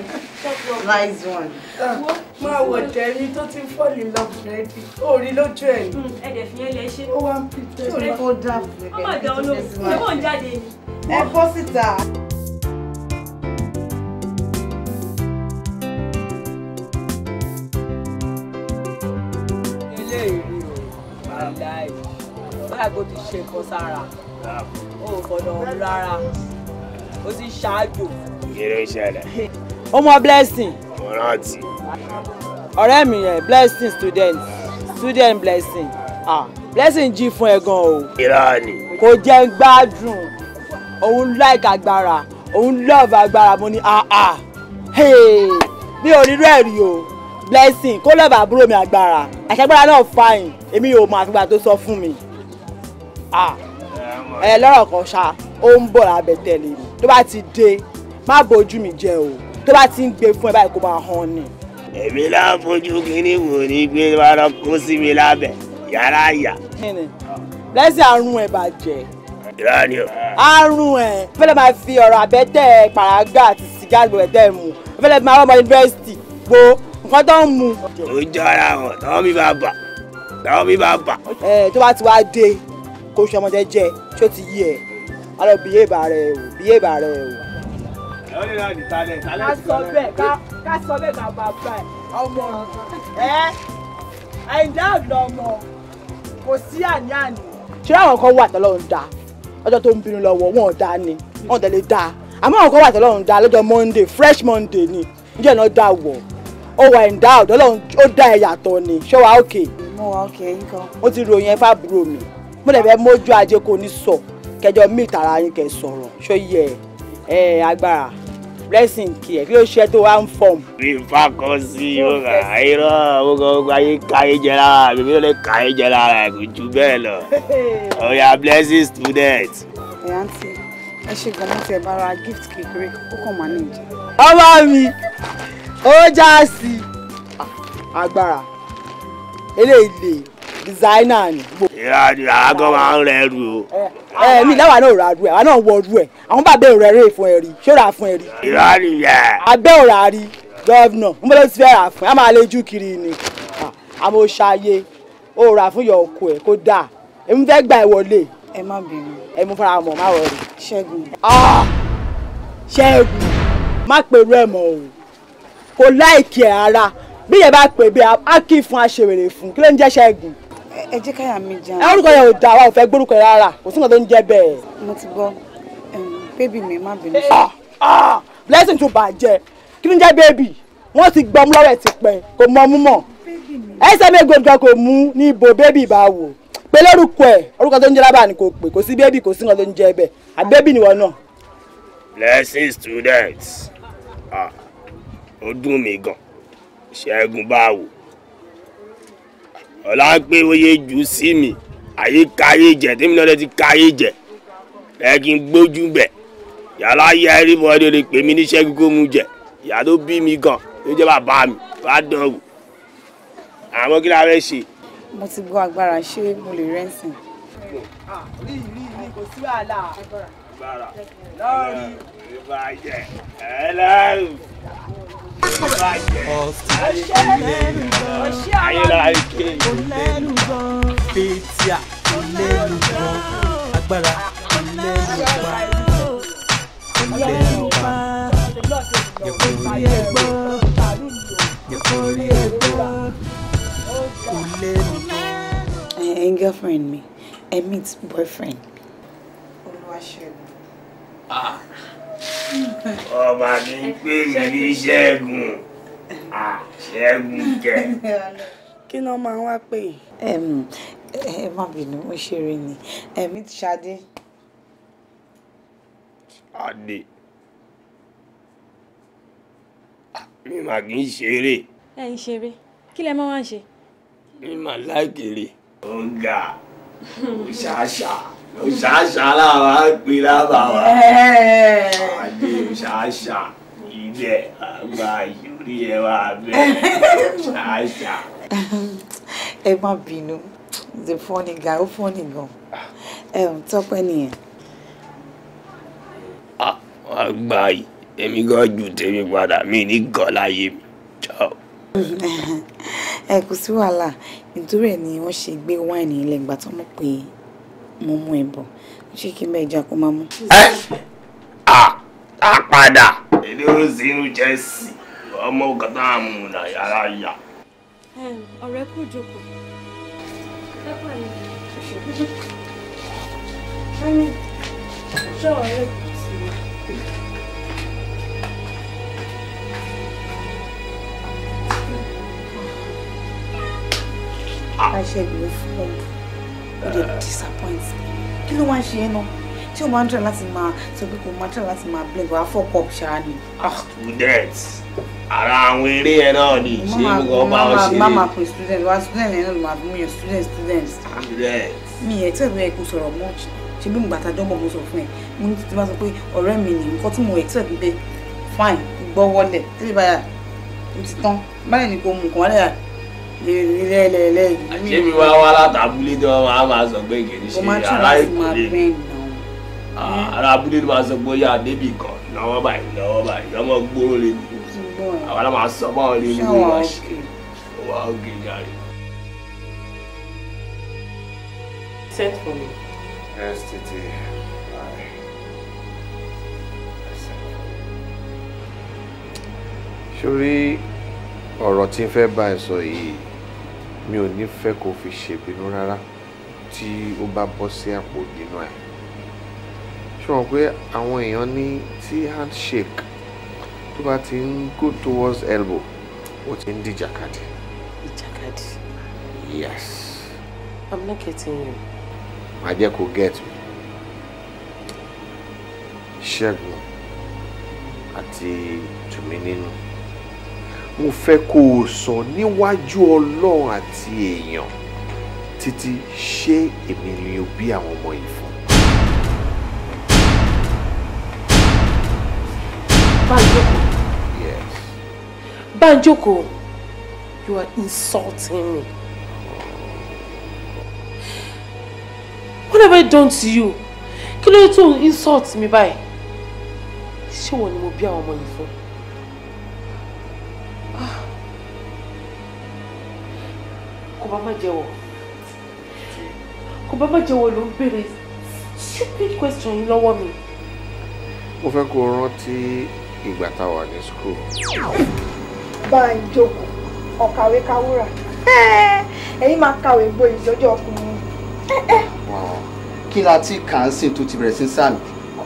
nice one. What? My word, wọ̀ tẹ́ni tó ti fall in love already. Oh, lójú ẹ̀ ni. Hmm. I yẹn lẹ ṣe. Ó wá ń pitẹ́. Torí kó dà fún mi. You won't judge me. mò ń jáde ni? bó ti ṣe nǹkan sára ó fọdọ̀ ọ̀hún rárá ó ti ṣáájò. ìró ìṣẹ̀lẹ̀. ọmọ blessing. mo rántí. ọ̀rẹ́ mi yẹn blessing student student blessing ah blessing jí fún ẹ gan o. irọ́ ni. kò jẹ́ gbádùn òun like agbára òun love agbára mo ní ah ah bí onírú ẹ̀ rí o blessing kó lọ́ọ̀bù àbúrò mi agbára àṣàgbára náà fine èmi yóò mọ àfìgbà tó sọ fún mi ẹ lọ́rọ̀ kan ṣá ó ń bọ̀ lábẹ́ tẹ̀lé mi tó bá ti dé má bójú mi jẹ o tó bá ti ń gbé fún ẹ báyìí kó máa hàn ni. èmi náà fojú kínní wò ní gbé wàrà kó sí mi lábẹ́ yàrá yà. lẹ́sìn àrùn ẹ̀ bàjẹ́. ìrọ̀lì o. àrùn ẹ̀ fẹ́lẹ́ máa fi ọ̀rọ̀ àbẹ́tẹ̀ pàrágà àti sìgá gbẹ̀gbẹ̀ tẹ̀ mu fẹ́lẹ́ máa wọ́n mọ yunifásitì gbó nǹkan tó ń mu. ó jọra wọn tọ́ mi bá bà tọ́ mi bá bà. ẹ tó bá ti wá dé kó ṣe ọmọdé jẹ tí ó ti yí ẹ a lọ bí èèbà rẹ o bí èèbà rẹ o. ká sọ bẹ́ẹ̀ ká sọ bẹ́ẹ̀ ká bàbá ẹ̀ ọmọ ẹ àìdá ọ̀dọ̀ kò sí àní ṣé àwọn kan wà tọ́lọ́run dáa ọjọ́ tó ń bínú lọ́wọ́ wọn ò dáa ni wọn ò tẹ̀lé dáa àmọ́ àwọn kan wà tọ́lọ́run dáa lọ́jọ́ monday fresh monday ni níjẹ́ náà dáa wọ̀ ó wà ń dá ọ̀dọ́ lọ́run ó dá ẹ̀ yàtọ̀ ni ṣé wàá òkè. mo wà òkè yín kan. ó ti ròyìn ẹ fábùrò mi mo dẹ̀ fẹ́ mójú ajé kò ní sọ kẹjọ mí ìtara yín kẹ sọ̀rọ̀ ṣó yẹ ẹ agbára blessing kì í kí ló ṣe tó wá ń fọm. ìfà kan sí i ó rà irọ́ ogogo ayé káyé jẹ lára ló lè káyé jẹ kò jù bẹ́ẹ̀ lọ oya oh, blessing student. ẹ àǹtí ẹ ṣe gan mo bá ra gift kékeré ó kàn máa ní ìjà. ọmọ mi ó já sí ah, agbára eléyìí lè designer ni. àgọ́ máa ń rẹ ẹrù o. ẹ mi láwa náà ra ru ẹ àwa náà wọ ru ẹ àwọn bàbá ò rẹ́rẹ́ fún ẹ rí ṣé ó rà fún ẹ rí. irọ́ nìyẹn. abẹ́ ò rà rí gọ́vnà ń bọ́lá ti fẹ́ rà fún ẹ á máa lejú kiri ni àmọ́ ṣayé ó rà fún yọ ọkọ ẹ kó dáa èmi fẹ́ gbà ẹ wọlé. ẹ má bínú. ẹ mú fara mọ má wọlé. ṣẹ́gun. ṣẹ́gun má pẹ̀lú ẹ̀ mọ́ o kò láìkì ẹ̀ ara bí yẹn bá pè bí a kì í fún aṣèwèrè fún kí ló ń jẹ́ ṣẹ́gun ẹ jẹ́ káyà mi jẹun. orúkọ yẹn ò dá wa ò fẹ́ gbórúkọ yẹn rárá kò sí nǹkan tó ń jẹ́ bẹ́ẹ̀. mo ti gbọ́ bébì mi má bínú. Ah, ah, blessing tún bàjẹ́ kí ni jẹ́ bébì wọ́n ti gbọ́ ọmú lọ́wọ́ ti pẹ́ kò mọ ọmú mọ̀ ẹsẹ̀ mi gbọ̀ngàn kò mú ní ibo bébì bá wò pé lórúkọ ẹ̀ orúkọ tó ń jẹ́ lábàá ni kò pè kò sí bébì kò sí nǹkan tó ń jẹ́ bẹ́ẹ̀ àbébì ni wọn náà. blessing ọ̀la pé oyè jù sí mi àyè káyé jẹ tèmi náà lè ti káyé jẹ ẹ kí n gbójú bẹ yàrá yẹ ẹ rí bọ́ ẹni olè pè mí níṣẹ́ kíkó mu jẹ ìyá tó bí mi gan ló jẹ́ bàbá mi bá dán wò àmọ́ kí la fẹ́ ṣe. mo ti gbọ́ agbára ṣé mo lè rẹ́ǹsìn. rí rí rí kò sí wàhálà agbára lọ́ọ̀rì ìbàjẹ́ ẹlẹ́rù. Pétia olẹ́lùbọ́ girlfriend me. I meet boyfriend. Olúwaṣẹ́gun. Ah ọba ní pè mí ní ṣẹ́gun ṣẹ́gun kẹ. kí ni máa ń wá pè é. ẹ má bínú mo ṣeré ni ẹ̀mí ti ṣadé. ṣadé mi máa kì í ṣeré. ẹ ń ṣeré kí lẹ máa wá ṣe. mi máa láìkèrè. ó ga ó ṣàṣà. òṣàṣà làwọn á pè lábàwà àdé òṣàṣà ilẹ̀ àgbà ìyórí ẹ wà bẹ́ẹ̀ òṣàṣà. ẹ má bínú the funny guy ó funny gan ẹ ò tọ́pẹ́ nìyẹn. àgbà yìí èmi gan ju tèmi padà mi ní gan mi jọ. ẹ kò sí wàhálà nítorí ẹ ni wọ́n ṣe gbé wáìnì ilé ìgbà tó mọ̀ pé mo mú ẹ bọ̀ ṣé kí n bẹ ìjà kó máa mú. ẹ à á padà èdè ó sì ń jẹ sí ọmọ ògàtà àmúna yàrá yà. ọ̀rẹ́ kò jókòó ẹ i. I said, we're ó dẹ̀ disappoint kí ló wá ń ṣe é náà tí o máa ń tẹ̀ láti máa sọ pé kò máa tẹ̀ láti máa blame wàá fọ́ pọ̀ ṣáá ni. Ah, student ara àwọn eré ẹ náà ni ṣé mo bá ọ ṣe máma pe student wa student yẹn náà ló máa bí mo yàn student student. student. mi ẹ̀ tí ìwé ẹ̀kú sọ̀rọ̀ much ṣe bí mo bàtà dọ́gbọ̀n mo sọ fún ẹ mo ní títí bá sọ pé ọ̀rẹ́ mi ni nǹkan tí mo expect bẹ́ẹ̀ fine gbọ́ wọlé tí báyà ó ti tán báyà ni kò mú nǹkan wálé yàrá lélẹ́lẹ́lẹ́ yìí. ṣé mi máa wá látàbúlé tí wọ́n máa máa sọ pé kìí ṣe ará ìkúlé ará abúlé tí wọ́n sọ pé yá débì kan lọ́wọ́ báyìí lọ́wọ́ báyìí lọ́mọ gbóró lé mi àwọn aláma sọ báwọn lé mi wọ́n ṣe wọ́n á gé jáde. Send for me. Yes, Titi. Ṣorí ọ̀rọ̀ tí ń fẹ́ bá sọ yìí mi ò ní fẹ́ kó fi ṣèbínú rárá tí ó bá bọ́ sí àpò ìbínú ẹ̀ ṣùgbọ́n pé àwọn èèyàn ní tí handshake tó bá ti ń go towards elbow ó ti ń di jàkadì. ìjàkadì. yes. i'm not getting you. màá jẹ́ kó get me. ṣẹ́gun àti tùmí nínú. No mo fẹ́ kó o sọ níwájú ọlọ́run àti èèyàn títí ṣé èmi ni o bí àwọn ọmọ yìí fún. Banjoko. Yes. Banjoko, you are insulting me. What have I done to you? Kí ló yẹ insult mi báyìí? Ṣé wọ́n ni mo bí àwọn ọmọ yìí fún? kò bá má jẹ́wọ́ kò bá má jẹ́wọ́ ló ń béèrè stupid question yìí lọ́wọ́ mi. mo fẹ́ kó rántí ìgbà tá a wà ní school. bá a jókòó ọ̀kàwé kawúrà ẹ̀yin máa kàwé gboyè lọ́jọ́ ọkùnrin. kí la ti kà á sìn tó ti bẹ̀rẹ̀ sí sàmì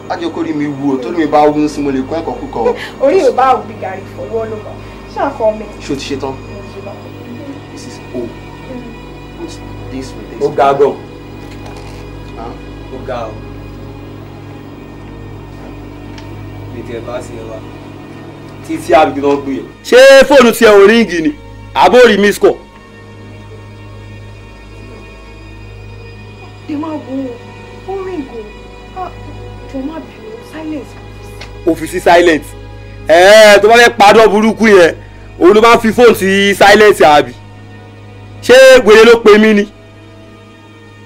ajokori mi wu o torí mi bá wú sí mo lè kọ́ ẹ̀kọ́ kúkọ. orí ò bá òbí gàrí fọwọ́ ló mọ̀ ṣáà fọ́ mi. ṣé o ti ṣe tán? mo ti ṣe tán this with this. ó ga gan. ó ga o. ètò ẹ̀bá ti ẹ̀ wá. títí àbíkí náà gbé yẹn. ṣé fóònù tiẹ̀ ò ríǹgì ni àbórí miss call. ẹ máa wo ó ríǹgì o jọ má bí o silence. òfìsí silence ẹ̀ẹ́ tó bá fẹ́ padọ́ burúkú yẹn òun ló máa ń fi fóònù sí silence àbí ṣé wèrè ló pe mí ni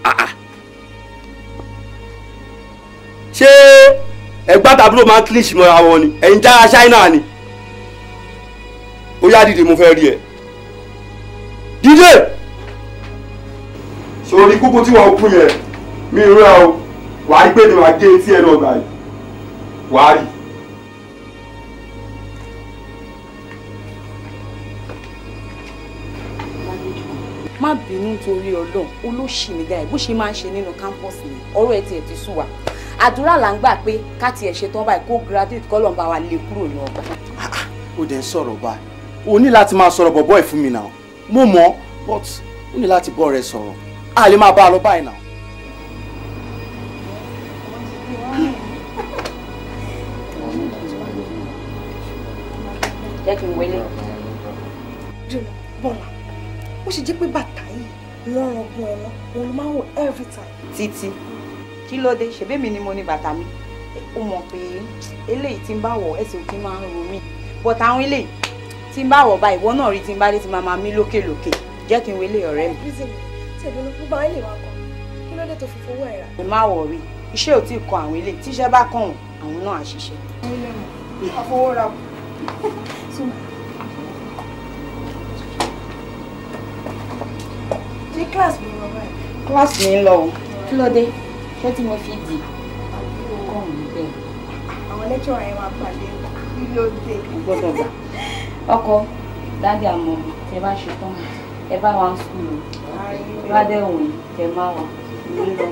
Ah, ah. ṣé ẹ̀gbọ́n tàbúrò máa ń kílíṣì mọ́ra wọn ni ẹ̀yin jára china, ni ó yá dìde mo fẹ́ rí ẹ dìde sọ̀rọ̀ ní kókó tí wọ́n kú yẹn mi ìrora o wàá gbé ni wàá gé etí ẹ̀ náà gbà yìí wàá rí i. má bínú torí ọlọ́run olóṣì mi dáì bó ṣe máa ń ṣe nínú campus ni ọ̀rọ̀ ẹ̀ tiẹ̀ ti sùn wá àdúrà là ń gbà pé ká tiẹ̀ tán báyìí kó graduate kọ́ lọ́nba wa lè kúrò ní ọgbà. Ah, ah, ó dẹ̀ ń sọ̀rọ̀ bá o ní láti máa sọ̀rọ̀ bọ̀bọ̀ ẹ̀ fún mi náà mo mọ̀ but o ní láti bọ́ rẹ sọ̀rọ̀ a lè máa bá a lọ báyìí náà. ó ṣe jẹ́ pé bàtà yìí wọ́n rangun ẹran òun máa ń wò every time. títí kí ló dé ṣèbémi ni mo ní bàtà mi ó mọ̀ pé eléyìí tí ń bá wọ̀ ẹsẹ̀ òkè máa ń ro mí but àwọn eléyìí tí ń bá wọ̀ bá ìwọ náà rí tí ń bá dé ti máa máa mí lókèlókè jẹ́ kí n wọlé ọ̀rẹ́ mi. kò má wọ̀ rí iṣẹ́ ò tí ì kọ àwọn eléyìí tíṣẹ́ bá kàn wọ́n àwọn náà àṣìṣe. àfọwọ́ra kù. ṣé kíláàsì mi lọ báyìí. kíláàsì mi lọ kí ló dé ṣé tí mo fi dì kọ́ mi bẹ́ẹ̀. àwọn lẹ́kọ̀ọ́ yẹn máa pàdé kí ló dé. mo gbọ́dọ̀ gbà ọkọ dáàdì àmọ́ ẹ bá ṣe tán ẹ bá wa sùúrù ẹ bá dẹ̀ wọ̀nyí kẹ má wà nílọ.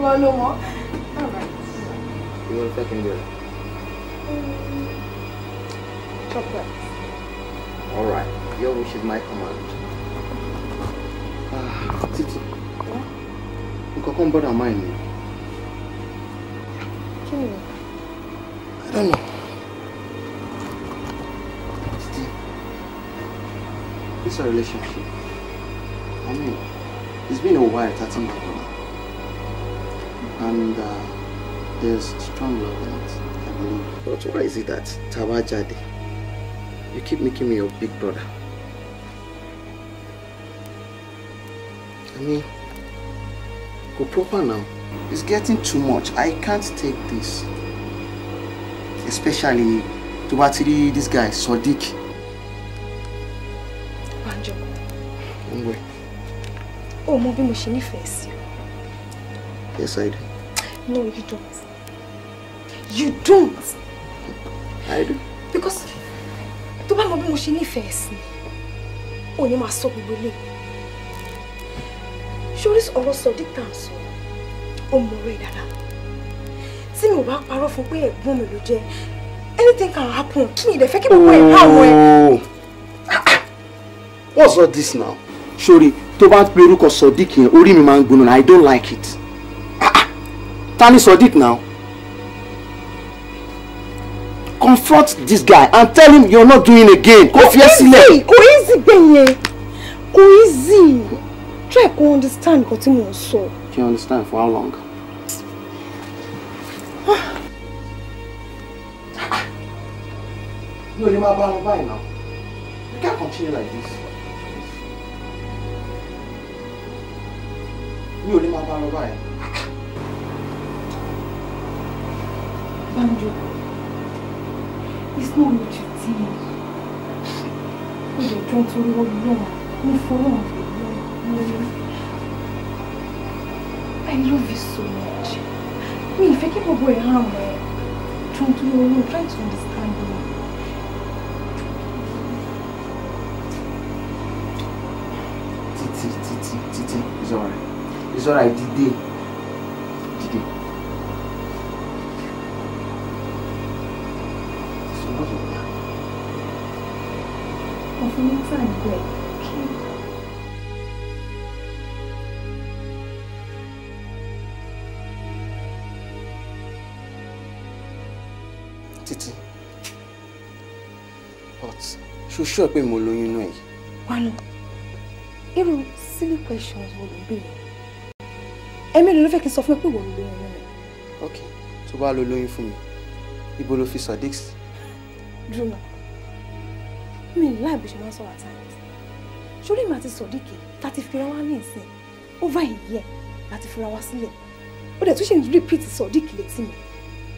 wọ́n ló mọ́. ìwọ fẹ́ kí n bẹ̀rẹ̀. Mm. chocolate. all right your wish is my command. títí nǹkan kan bọ́dà máa ní. kí ni. I don't know. títí it's a relationship I mean it's been a while thirty months now and uh, there's strong love in it I believe. but why is it that tabajade you keep making me your big brother. me. Go proper now. It's getting too much. I can't take this. Especially to battery this guy, Sadiq. Banjo. Ngwe. Oh, mo bí face ṣe Yes, I do. No, you don't. You don't. I do. Because tó bá mọ face mo ṣe nífẹ̀ẹ́ sí, ò ṣorí ọ̀rọ̀ sọ̀dí tà ń sọ ó mọ ọ̀rọ̀ ìdára tí mi ò bá parọ́ fún pé ẹ̀gbọ́n mi ló jẹ́ anything can happen kí ni ìdẹ̀fẹ́ kí gbogbo ẹ̀ bá àwọn ẹ̀. what's all this now ṣorí tó bá ń pe orúkọ sọ̀dí kìí orí mi máa ń gbóná i don't like it ah, ah! ta ni sọ̀dí now confront this guy and tell him you're not doing again. kò fi ẹ́ sílẹ̀. kò easy kò easy gbẹ̀yẹn kò easy try kó understand nǹkan you mò ń sọ. kí understand for how long. mi ò my máa bá wọn You can't continue like this. mi ò my máa bá wọn Banjo, it's not what you think. Ó lè jọ́ nítorí ọlọ́run ní fọlọ́run. I love you so much. Mi ìfẹ́ kí gbogbo ẹ̀ hàn mọ́ ẹ. Tuntun olóò try to understand me. Títí títí títí it's alright it's alright Didi. sure pé mo lóyún náà yìí. wánú irú silly questions wo ló ń béèrè ẹ̀mí ló fẹ́ kí n sọ fún ẹ pé ìwọ ló lóyún náà. ok tó bá lo lóyún fún mi ibo ló fi sadiq sí. dúró mi ní láì bí ṣe máa ń sọ̀rọ̀ àtàyè sórí mi àti sadiq láti fira wá ní ìsìn over a year láti fira wá sílẹ̀ ó dẹ̀ tún ṣe ń repeat sadiq létí mi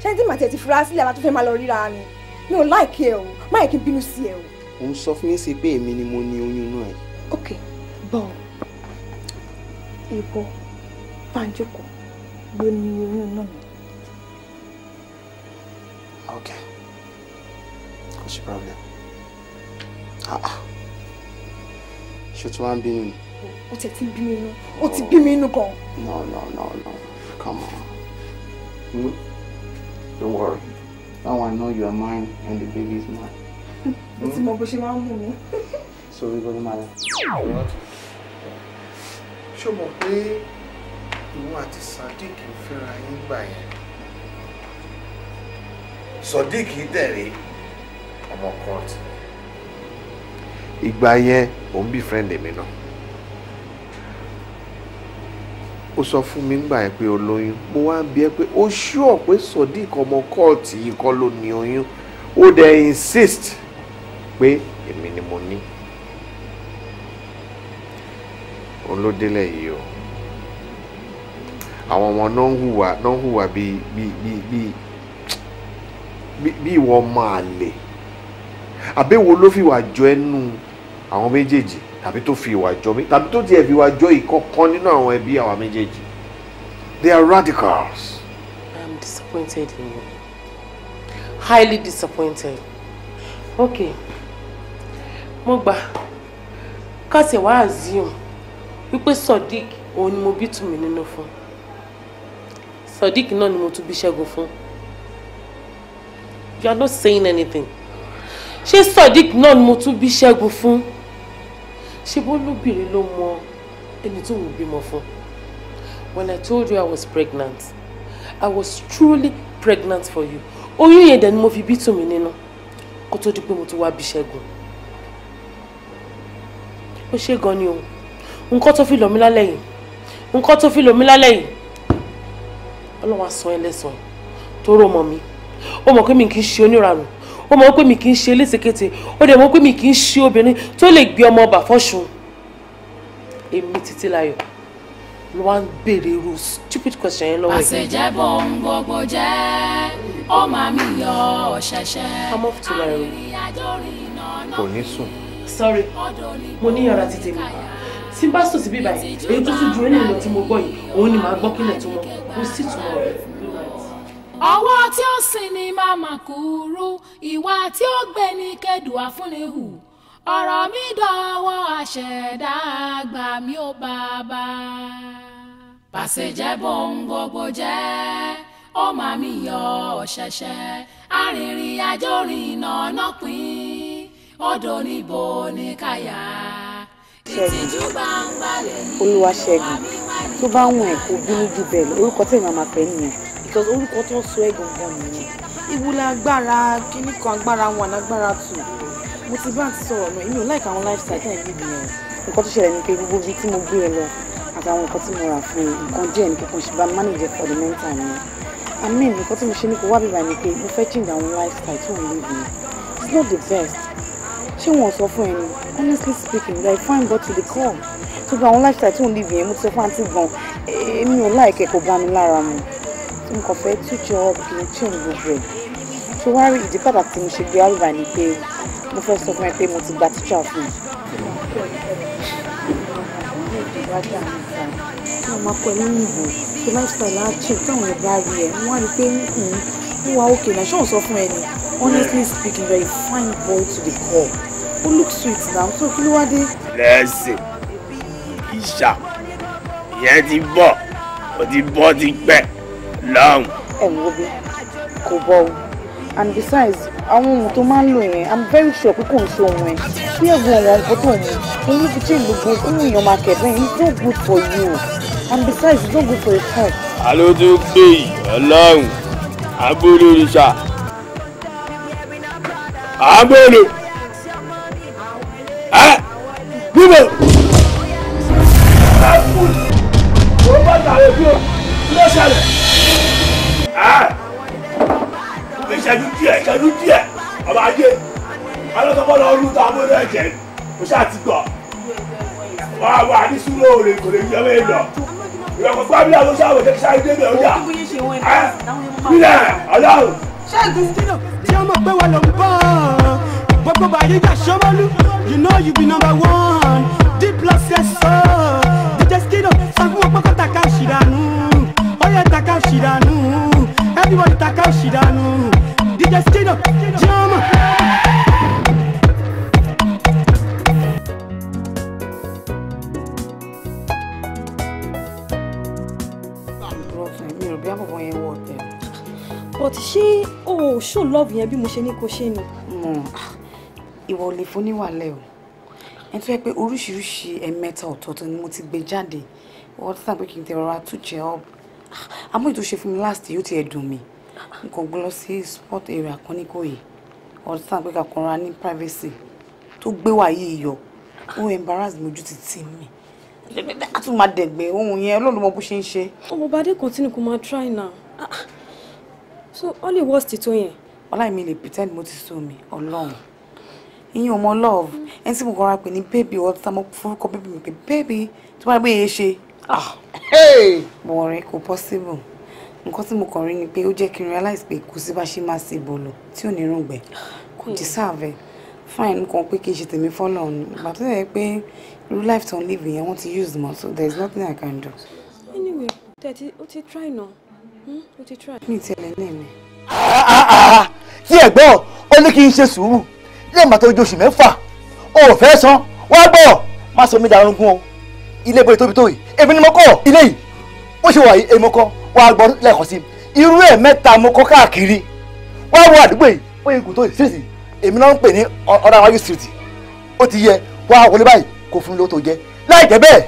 ṣé ní tí màtí ẹ ti fira sílẹ̀ àbátúfẹ́ máa lọ ríra ni mi ò láìkí ẹ o máyì kí n bínú sí ẹ o ò ń sọ fún mi sí pé èmi ni mo ní oyún náà ok bọ́ọ̀ ìbọn Banjoko ló ní oyún náà. ok kò sí problem. Ah, ah. ṣé o tún wá ń bínú ni o ti ti bí mi inú o ti bí inú gan. no no no no come on hmm? don't worry now i know you are mine and the baby is mine mo ti mọ bó ṣe máa ń mú mi. sori gbogbo máa lọ. ṣó mọ̀ pé ìwọ àti sadiq ń fẹ́ra yín gbà yẹn. sadiq tẹ̀lé ọmọ court. ìgbà yẹn òun bí friend mi náà. ó sọ fún mi nígbà yẹn o lóyún insist pé èmi ni mo ní òun ló délẹ̀ yìí o àwọn ọmọ náà ń hùwà náà ń hùwà bíi bíi bíi bíi bí ìwọ ọmọ àlè àbẹ̀wò ló fi wà jọ ẹnu àwọn méjèèjì tàbí tó fi ìwà jọ mi tàbí tó tiẹ̀ fi ìwà jọ ìkọ̀kan nínú àwọn ẹbí àwọn méjèèjì they are radicals. I am disappointed in you highly disappointed okay mo gbà káṣẹ̀ wá àzíùn wípé sodiq òun ni mo bí tùmí nínú fún sodiq náà ni mo tún bí ṣẹ́gun fún you are not saying anything ṣé sodiq náà ni mo tún bí ṣẹ́gun fún ṣé bó lóbìnrin ló mọ ẹni tó wù bímọ fún when i told you i was pregnant i was truly pregnant for you oyún yẹn dẹ̀ ni mo fi bí tùmí nínú kó tó di pé mo tún wá bí ṣẹ́gun ó ṣe gan ni o nǹkan tó fi lọ̀ mí lálẹ́ yìí nǹkan tó fi lọ̀ mí lálẹ́ yìí ọlọ́wọ́n asan ẹlẹ́sàn tó rò mọ́ mi ó mọ̀ pé mi kì í ṣe oníranù ó mọ̀ pé mi kì í ṣe eléṣekete ó dẹ̀ mọ̀ pé mi kì í ṣe obìnrin tó lè gbé ọmọ ọba fọ́ṣun èmi títí láyọ̀ ló wá ń béèrè irú stupid question yẹn lọ́wọ́ yìí. àṣejẹ́ bọ̀ ń gbogbo jẹ́ ó mi yọ ọ̀ṣẹ̀ṣẹ̀ àìrìn àjò rìn náà náà. kò ní sùn sorry mo ní yàrá ti tèmi tí bá sùn síbí báyìí èyí tó tún ju eléyìí lọ tí mo gbọ́ yìí òun ni màá gbọ́ kílẹ̀ tó wọn mo sì tún wọn ọwọ́ tí ó sin ni màmá kúrú ìwà tí ó gbé ni kẹdùá fún ni hù ọ̀rọ̀ mi dọ̀wọ́ àṣẹ̀dá àgbà mi ò bàbá. pàṣẹ jẹ́ bóun gbogbo jẹ́ ó máa mi yọ ọ̀ṣẹ̀ṣẹ̀ arìnrìn àjò rìn náà náà pín ọ̀dọ̀ níbo ni káyà. ṣẹ́gun olúwa ṣẹ́gun tó bá wọn ẹ̀ kó bínú jù bẹ́ẹ̀ lọ orúkọ tẹ̀mí máa pẹ́ nìyẹn because orúkọ tó sọ ẹ̀ gangan nìyẹn. ìwúlẹ̀ agbára kíní kan agbára wọn alágbára tù mo ti bá àti sọ̀rọ̀ náà èmi ò láìka àwọn lifestyle tẹ̀ níbi yẹn nǹkan tó ṣẹlẹ̀ ni pé gbogbo ibi tí mo gbé ẹ lọ àtàwọn nǹkan tí mo rà fún nǹkan díẹ̀ ní kíkan ṣe manager for the mental ni i mean nǹkan tí mo ṣe ní kò wá bíbá ni pé mo fẹ́ change àwọn lifestyle tó ń lè bí it's not the best ṣé wọn sọ fún ẹ honestly speaking you are a fine boy to the core tó gba àwọn lifestyle tó ń live yẹn mo ti sọ fún àǹtí gan èmi ò láìkẹ́ kó bá mi lára mu tí mo kàn fẹ́ tújọ kí n change gbogbo ẹ̀ tó wá rí ìdí pàtàkì tí mo ṣe gbé àlùbá ni pé mo fẹ́ sọ fún ẹ pé mo ti gba tíṣà fún un. ọmọ akọ ẹ nínú ìbò ṣe lifestyle á change táwọn ẹ bá rí ẹ wọn á rí pé wíwá òkè náà ṣé òun sọ fún ẹ ni honestly speaking you a fine boy to the core o look sweet now so kí ló wá it, lẹ́sìn ìṣà ìyẹn ti bọ̀ ó ti bọ́ ti pẹ́ lọ́hùn. ẹ wo bí kò bọ and besides I'm ohun tó máa i'm very sure pé kò ń ṣe ohun ẹ bí ẹ̀gbọ́n wọn kò tó ní oníbìjì gbogbo inú in your market, yìí it's not good for you and besides it's not good for your health. àlọ́ tó gbé yìí ọlọ́run àbúrò ìṣà àgbèrè ẹ níbo. ìṣẹ́jú díẹ̀ ìṣẹ́jú díẹ̀ ọba ajé alọ́sọ́fọ́ lọ rú tàbí ẹ̀jẹ̀ kò ṣáà ti gbọ̀ wà wà ní súnmọ́ òòrè kò lè yẹ wẹ́ẹ́ lọ ìrọ̀kọ̀ gbábíà ló ṣàwọ̀ jẹ́ kí sáré débẹ̀ ọjà ẹ eh, nílẹ̀ ọlọ́run ṣẹ́gun tí ó mọ̀ pé wà ló bọ̀ gbogbo bàrígà ṣọ́mọ́lú you know you be number one deep losses so DJ Skino san wọn pọ́kọ́ taka òṣìdánù oyè taka òṣìdánù everybody taka òṣìdánù DJ Skino tí ó mọ̀. Yeah, but when you walk but ṣé o ò show love yẹn bí mo ṣe ní kó ṣe ni. Ah, ìwọ lè fún níwàlẹ̀ o ẹni tó yẹ pé oríṣiríṣi ẹ̀mẹ́ta ọ̀tọ̀ọ̀tọ̀ ni mo ti gbé jáde wọ́n ti sàn pé kí n tẹ rọra tún jẹ́ ọ́ ah, àmọ́ ètò ṣe fún mi last yóò ti ẹ̀dùn mi n kò gbọ́ lọ sí sport area kan ní kòyí wọ́n ti sàn pé kàkànra ní privacy tó gbé wà yìí yọ ó embarrass mi ojú ti tì mí a tún máa dẹ̀gbẹ́ ohun yẹn Ọlọ́run mọ bó ṣe ń ṣe. ọmọ bàdé continue kó máa try now ah, so only ó lè worst All I mean is pretend mo ti me. mi ọlọ́run ìyẹn ò mọ love ẹni tí mo kọra pè ní baby ọ̀tá tá full forúkọ baby mi pé baby To my gbé she. Ah. ah, hey. More kò possible Because tí mo kàn rí ni pé realize because kò sí bá ṣe máa ṣe bọ̀lọ̀ tí ò ní rúgbẹ́ kò hmm. deserve fine nǹkan pé kì í ṣe tèmi fọ́lọ̀ ni ìgbà tó yẹ pé irú life tó ń live yẹn wọ́n ti use mọ́ so there's nothing I can do. anyway tẹ́tí ó ti try now ó ti try. mi tẹ̀lé náà mi. tí ẹ gbọ́ ó ní kí n ṣe sùúrù lẹ́yìn bàtà ojú oṣù mẹ́fà o ò fẹ́ san wá gbọ́ má sọ mí darúgún o ilé ìbọn ìtóbi tó yìí èmi ni mo kọ́ ilé yìí ó ṣe wà yìí èmi kọ́ wá gbọ́ lẹ́ẹ̀kan sí i irú ẹ̀ mẹ́ta mo kọ́ káàkiri wá wo àdúgbò yìí ó yẹ kó tó yìí síríìtì èmi náà ń pè ní ọ̀rọ̀ àwọn ayé síríìtì ó ti yẹ wá wọlé báyìí kó fún mi lówó tó jẹ láì jẹ́ bẹ́ẹ̀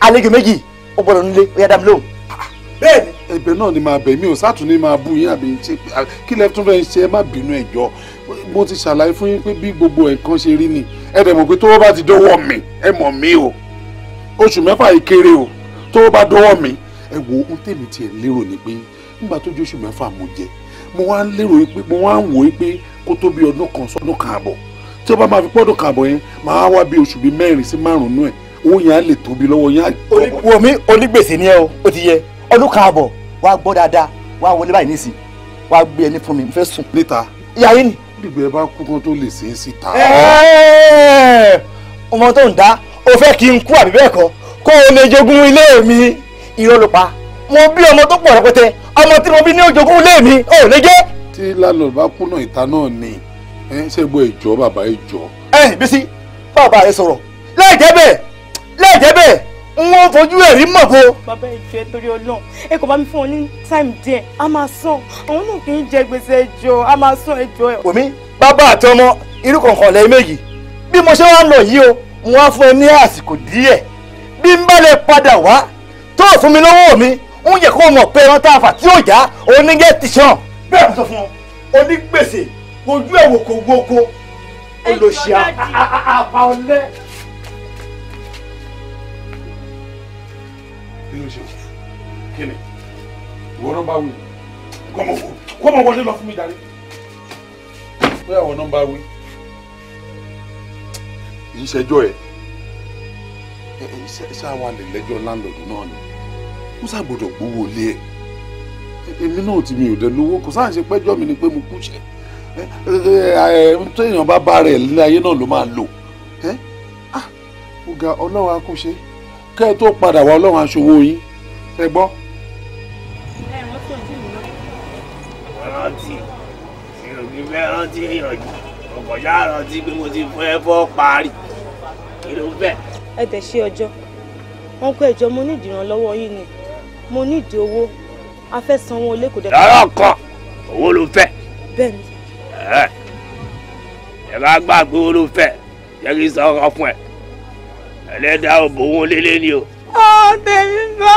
àlejò méjì ó gbọ́dọ̀ nílé ó yá dá mi lóhùn bẹ́ẹ̀ ni. ẹ̀bẹ̀ náà ni màá bẹ̀ mí o sátúndé máa bú yín àbí ṣe kí lẹ tún fẹ́ ṣe ẹ má bínú ẹ jọ mo ti ṣàlàyé fún yín pé bí gbogbo nǹkan ṣe rí ni ẹ dẹ̀ mọ̀ pé tówó bá ti dọ́wọ́ mi ẹ mọ̀ mí o oṣù mẹ́fà yìí kéré o tówó bá dọ́wọ́ mi ẹ wo ohun tèmi tiẹ̀ lérò ni pé nígbà tó ju oṣù mẹ́fà mo jẹ mo wá ń lérò pé mo wá ń wò pé kó tó bí ọdún kan sọdún kan àbọ̀ tí ó bá máa fi pọ́dún kan àbọ̀ yẹn máa wá bí oṣù bíi mẹ́rin sí márùn-ún ẹ̀ owó yẹn á lè tóbi lọ́wọ́ yẹn á. wò onígbèsè ni ẹ o ó ti yẹ ọdún káàbọ̀ wàá gbọ́ dáadáa wàá wọlé báyìí nísì wàá gbé ẹni fún mi mo fẹ́ sùn. níta ìyá yín ni. dìgbò ẹ bá kú kán tó lè ṣe é síta. ọmọ tó ń dá o fẹ́ kí n kú àbí bẹ́ẹ̀ kọ́ kó o lè jogún ilé mi irọ́ ló pa mo bí ọmọ tó pọ̀ rẹpẹtẹ ọmọ tí mo bí ní òjogún ilé mi ò lè jẹ́. tí lálọ́ bá kúnà ìta náà ni ẹ ṣe gbọ́ ìjọ bàbá ìjọ. ẹ Bísí bàbá rẹ sọ̀rọ̀ láì jẹ́ bẹ́ẹ̀ láì jẹ́ bẹ́ẹ̀ n ó fojú ẹ̀ rí mọ̀ ko. bàbá ìjọ ẹ torí Ọlọ́run ẹ kò bá mi fún ọ ní táìmù díẹ̀ a máa san àwọn náà kì í jẹ gbèsè ẹjọ́ a máa san ẹjọ́ ẹ. omi bàbá àti ọmọ irú kankan lẹ́yìn méjì bí mo ṣe wá lọ yìí o mo wá fún ẹ ní àsìkò díẹ̀ bí n bá lè padà wá tó o fún mi lọ́wọ́ mi ń yẹ kó o mọ̀ pé ẹran tá a fà tí yóò já onígẹ́ ti sàn. bẹ́ẹ̀ mo sọ fún ọ onígbèsè ojú ẹ̀wò kò gbogbo olóṣìà àpá ọlẹ́. ìwọ nọmba wí kọ́mọ wọlé lọ fún mi darí pé àwọn nọmba wí ìṣẹ́jọ́ ẹ̀ ṣáwa lè lẹ́jọ́ láńlọ́ọ̀dù náà ni ó ṣàgbọ́dọ̀ gbowó lé ẹ̀ èmi náà ti mi ò dẹ lówó kò sáà ṣe pẹ́jọ́ mi ni pé mo kúṣẹ́ tó èèyàn bá bá rẹ̀ láyé náà ló máa lò ó ah, ga ọlọ́run akúṣe kẹ́ ẹ tó padà wá ọlọ́run aṣòwò yín ẹ gbọ́. fẹ́ rántí ìyànjú ọkọ̀ yá rántí pé mo ti fẹ́ fọ́ parí kí ló fẹ́. ẹ tẹ̀ ọjọ́ wọn kó ẹjọ́ mo nídìí ìrànlọ́wọ́ yín ni mo nídìí owó a fẹ́ sanwó ilé kò dẹ́kun. lọ́rọ̀ kan owó ló fẹ́. bẹ́ẹ̀ni. ẹ bá gbàgbé owó ló fẹ́ jẹ́ kí n sọ ọkọ fún ẹ ẹlẹ́dàá òbò wọn lélẹ́ ni o. ọ tèmi bá.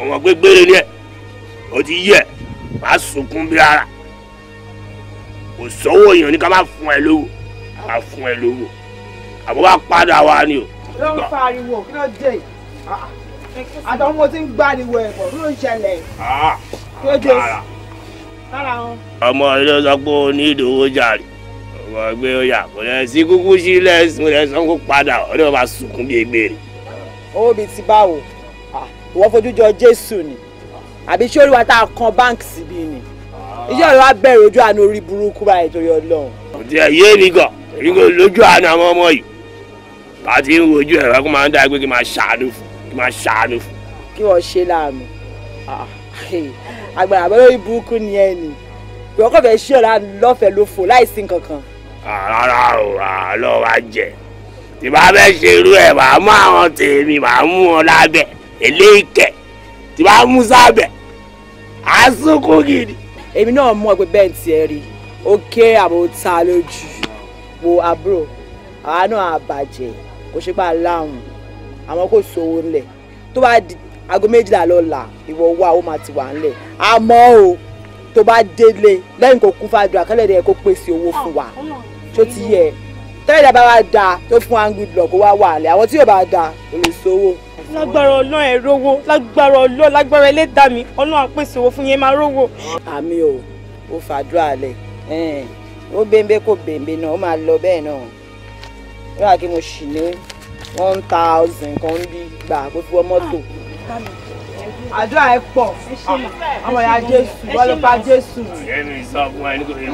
ọmọ gbégbére ni ẹ o ti yẹ wàá sunkún bí ara kò sówó èèyàn ní ká má fún ẹ lówó má fún ẹ lówó àbọ̀ bá padà wá ni o. ló ń fa ariwo kí ló dé ah, àtàwọn ọmọ tí ń gbàdìwọ̀ ẹ̀kọ́ kí ló ń ṣẹlẹ̀ ah, kí ló dé lára wọn. ọmọ ilé sọ pé o ní ìdòwò jàre ọmọ ẹgbẹ́ ọ̀yà kò lẹ́ kúkú sílẹ̀ sùn lẹ́ sọ́n kó padà ọ̀rẹ́ wa sunkún bíi egbèrè. owó bíi ti báwo ah, ìwọ fojú jọ Jésù ni àbí sórí wa tá a kan báǹkì síbí ni iṣẹ́ ọ̀rọ̀ ojú àánú orí burúkú báyìí torí ọlọ́run. òtí ẹ mi gan èyí kò lójú àánú àwọn ọmọ yìí bá a ti ń wojú ẹ̀rọ kó máa ń dá pé kí máa ṣàánú fún kí máa ṣàánú fún. kí wọ́n ṣe láàánú àgbàrá bẹ́ẹ̀ lórí burúkú ni ẹ nì ìwọ́n kò fẹ́ ṣí ọ̀rọ̀ lọ́fẹ̀ẹ́ ló fò láìsí nǹkankan. rárá o àlọ́ wa jẹ tí bá fẹ́ ṣe irú ẹ̀ màá mú àwọn tèmi màá mú wọn lábẹ́ eléyìí kẹ̀ tí bá mú sábẹ́ àásùnkù gidi èmi náà mọ̀ pé bẹ́ẹ̀ tiẹ̀ rí ó ké àbótá lójú wo àbúrò àwa náà àbàjẹ́ kò ṣe pé aláhùn àwọn kò sówó ńlẹ̀ tó bá di aago méjìlá lọ́la ìwọ wá ó máa ti wà ńlẹ̀ àmọ́ o tó bá délé lẹ́yìn kò kún fàdúrà kálẹ̀ rẹ̀ kó pèsè owó fún wa tó ah, ti yẹ tẹ́lẹ̀ bá wa da tó fún wa ń kó wá wà lẹ̀ àwọn tí yóò bá da kò lè sówó lágbára ọlọ́run ẹ̀ rówó lágbára ọlọ́run lágbára ẹlẹ́dà mi ọlọ́run àpèsè owó fún yẹn máa rówó. àmì o ò fàdúrà lẹ ó bẹ́ńbẹ́ kò bẹ́ńbẹ́ náà ó máa lọ bẹ́ẹ̀ náà rárá kí mo ṣì ní one thousand kan bí gbà kó fi wọ mọ́tò. Ah, àdúrà ẹ pọ̀ ọmọ ìyá jésù bọ́lọ́pàá jésù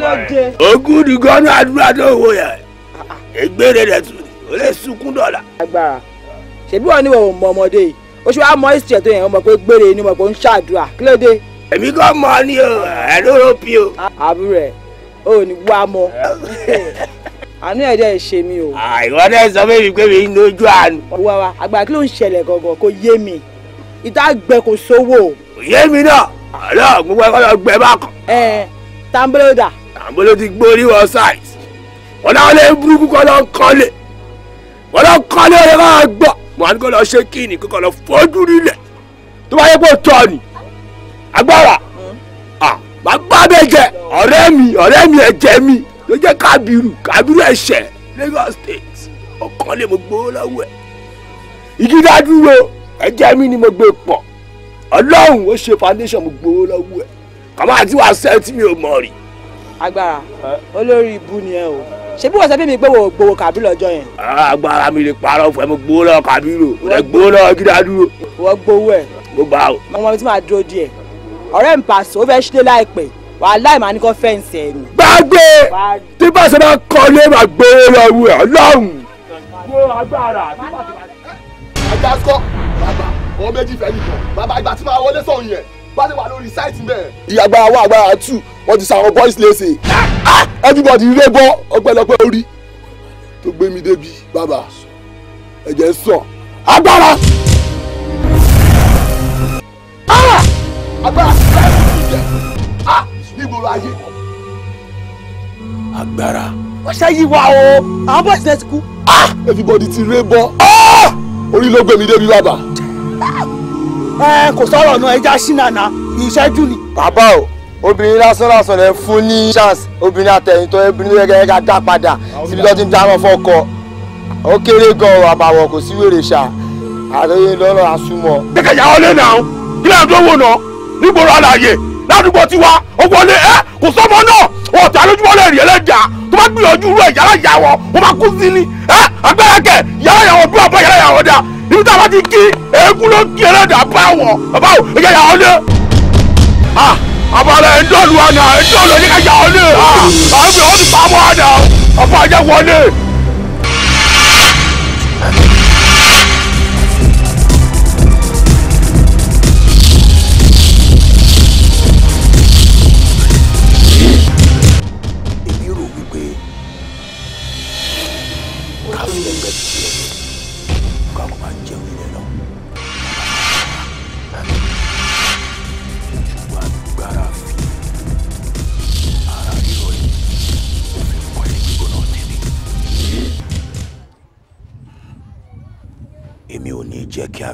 lóde. ogún dùgbọ́nù àdúrà tó wọ yẹn ah, ah. ègbére rẹ̀ tún ó lè sunkún dọ̀la ṣèbí wọn ni wọn ò mọ ọmọdé yìí ó ṣe wàá mọ history tó yẹn wọn mọ pé gbére ni wọn kò ń ṣàdúrà kí ló dé. èmi kò mọ ni o ẹ ló rò bí o. àbúrò ẹ ò ní wá mọ àánú ẹ̀ dẹ́ ṣe mi o. àìwọ́n dẹ́ sọ fún mi pé mi ń lójú àánú. wá wa àgbà kí ló ń ṣẹlẹ̀ gangan kò yé mi ìta gbẹ kò sówó. kò yé mi náà ọlọ́ gbogbo ẹ̀kọ́ lọ gbẹ bá kàn. ẹ tambolo dà. tambolo ti gbórí wọn ṣáìsì wọn náà lè burúkú kọ́ lọ kọ́lé wọn lọ kọ́lé wọn lè máa wà á ní kó lọ ṣe kíni kó kọ lọ fojú nílẹ̀ tó bá yẹ kó tọ ni agbára màá gbá bẹ jẹ ọ̀rẹ́ mi ọ̀rẹ́ mi ẹ̀jẹ̀ mi ló jẹ́ kábírù kábírù ẹ̀ṣẹ̀ Lagos State ọkàn lè mo gbowó lọ́wọ́ ẹ̀ ìdídádúró ẹ̀jẹ̀ mi ni mo gbé pọ̀ ọlọ́run ó ṣe foundation mo gbowó lọ́wọ́ ẹ̀ kàmáà tí wàá sẹ́ńtì mi ò mọ̀ rí. agbára olórí ibu ni ẹ o ṣe bí wọ́n sọ fún mi pé wò gbowó Kábírù lọ́jọ́ yẹn. agbára mi lè parọ́ fún ẹ mo gbowó lọ́wọ́ Kábírù o lè gbowó lọ́wọ́ gíga dúró. wọ́n gbowó ẹ̀. mo gbà o. ọmọ tí màá dúró díẹ̀ ọ̀rẹ́ mi pàṣẹ ó fẹ́ ṣílé láìpẹ́ wàhálà ìmọ̀ àníkọ́ fẹ́ǹsì ẹ̀ ni. gbàgbé tí pàṣẹ bá kọ́ lé màá gbowó lọ́wọ́ ẹ̀ lọ́hùn. gbowó agbára àgbà ọmọ méjì fẹ́ nìkan bàbá ìgbà tí màá wọlé sọ̀hún yẹn bá ti wà lórí sáìtì bẹ́ẹ̀. ìyàgbára wà agbára two wọ́n ti sàwọn boys léṣe everybody ré bọ́ ọpẹ́lọpẹ́ orí tó gbé mi débi bàbá ẹ̀jẹ̀ ń sọ agbára. agbára ah! nígboro ayé. agbára. wọ́n ṣáyí wa o àwọn boys náà ti kú. everybody ti ré bọ́ ah! orí ló gbé mi débi bàbá. ẹ kò sọ̀rọ̀ náà ẹja ṣínàna ìṣẹ́jú ni. bàbá o obìnrin lásán lásán lè fún ní chance obìnrin àtẹ̀yìn tó obìnrin tó yẹ ká dá padà síbi tó ti ń dáná fọ́kọ ó kéré gan-an àbàwọ̀ kò sí wèrè ṣá àtẹ̀yìn lọ́rọ̀ àsúmọ̀. gẹ́gẹ́ ìyàwó lé nà ó kí lóun tó wò ná nígboro àlàyé ládùúgbò tiwa ó wọlé ẹ kò sọmọ náà ọ̀tá lójúmọ́ lè rí ẹlẹ́jà tó bá gbìyànjú rú yàrá ìyàwọ̀ ó máa kú sí ni ẹ àgbẹ̀rẹ̀ kẹ̀ yàrá ìyàwó dúró àbọ̀ yàrá ìyàwó dáa ibi tá a bá ti kí eégún ló kí ẹlẹ́dàá bá wọ̀ bàbá o ẹ̀jẹ̀ yà ọ́ lé. àbálẹ̀ ẹ̀ńdọ́ọ̀lù àná ẹ̀ńdọ́ọ̀lù ẹ̀jẹ̀ yà ọ́ lé. àwọn ọmọ ti pa mọ́ àná ọ̀pọ̀ àjẹ́ wọlé.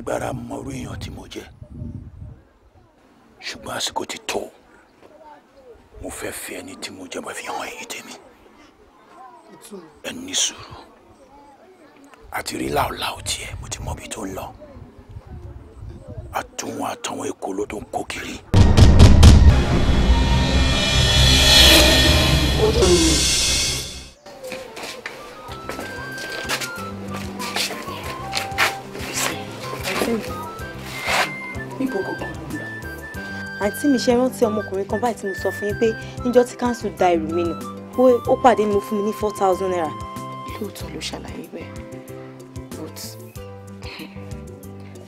lágbára mọrú èèyàn tí mo jẹ ṣùgbọ́n àsìkò ti tó mo fẹ́ fi ẹni tí mo jẹ mo fi hàn èyí tèmi ẹni sùúrù àti rí láòláò tiẹ̀ mo ti mọ ibi tó ń lọ àtúnwò àtàwọn èkó ló tó ń kó kiri. ó àǹtí mi ṣe rántí ọmọkùnrin kan báyìí tí mo sọ fún yín pé níjọ́ tí káńsù da ẹrù mi nù pé ó pàdé mi fún mi ní four thousand naira. lóòótọ́ ló ṣàlàyé bẹ́ẹ̀ but hmm,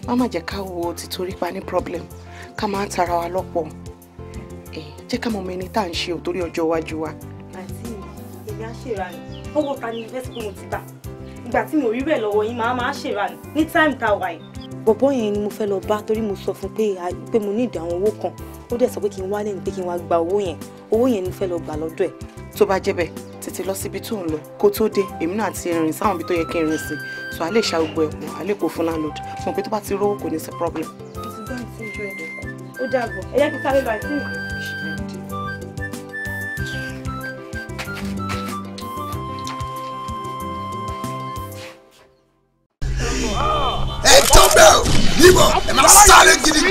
má má jẹ́ ká wo títorí pa ní problem ká máa tara wa lọ́pọ̀ jẹ́ ká mọ ọmọ ẹni tá à ń ṣe òtórí ọjọ́ iwájú wa. àǹtí mi èmi á ṣèrà ni owó ta ni yunifásitì mo ti gbà ìgbà tí mo rí rẹ̀ lọ́wọ́ yín màá máa ṣèrà ni ní táìmù tá yìí bọ̀bọ́ yẹn ni mo fẹ́ lọ bá torí mo sọ fún pé pé mo ní ìdáhùn owó kan ó dẹ̀ sọ pé kí n wálé ní pé kí n wá gba owó yẹn owó yẹn ni mo fẹ́ lọ gbà lọ́dọ̀ ẹ̀. tó bá jẹ́ bẹ́ẹ̀ tètè lọ síbi tó ń lọ kó tó dé èmi náà ti rìn sáwọn ibi tó yẹ kí n rìn sí so a lè ṣa gbogbo ẹ̀kọ́ a lè kó fún landlord mo pé tó bá ti rówó kò ní sí problem. mo ti gbọ́ ìtújú ẹ̀ ó dàgbọ́ ẹ jẹ́ kí sáré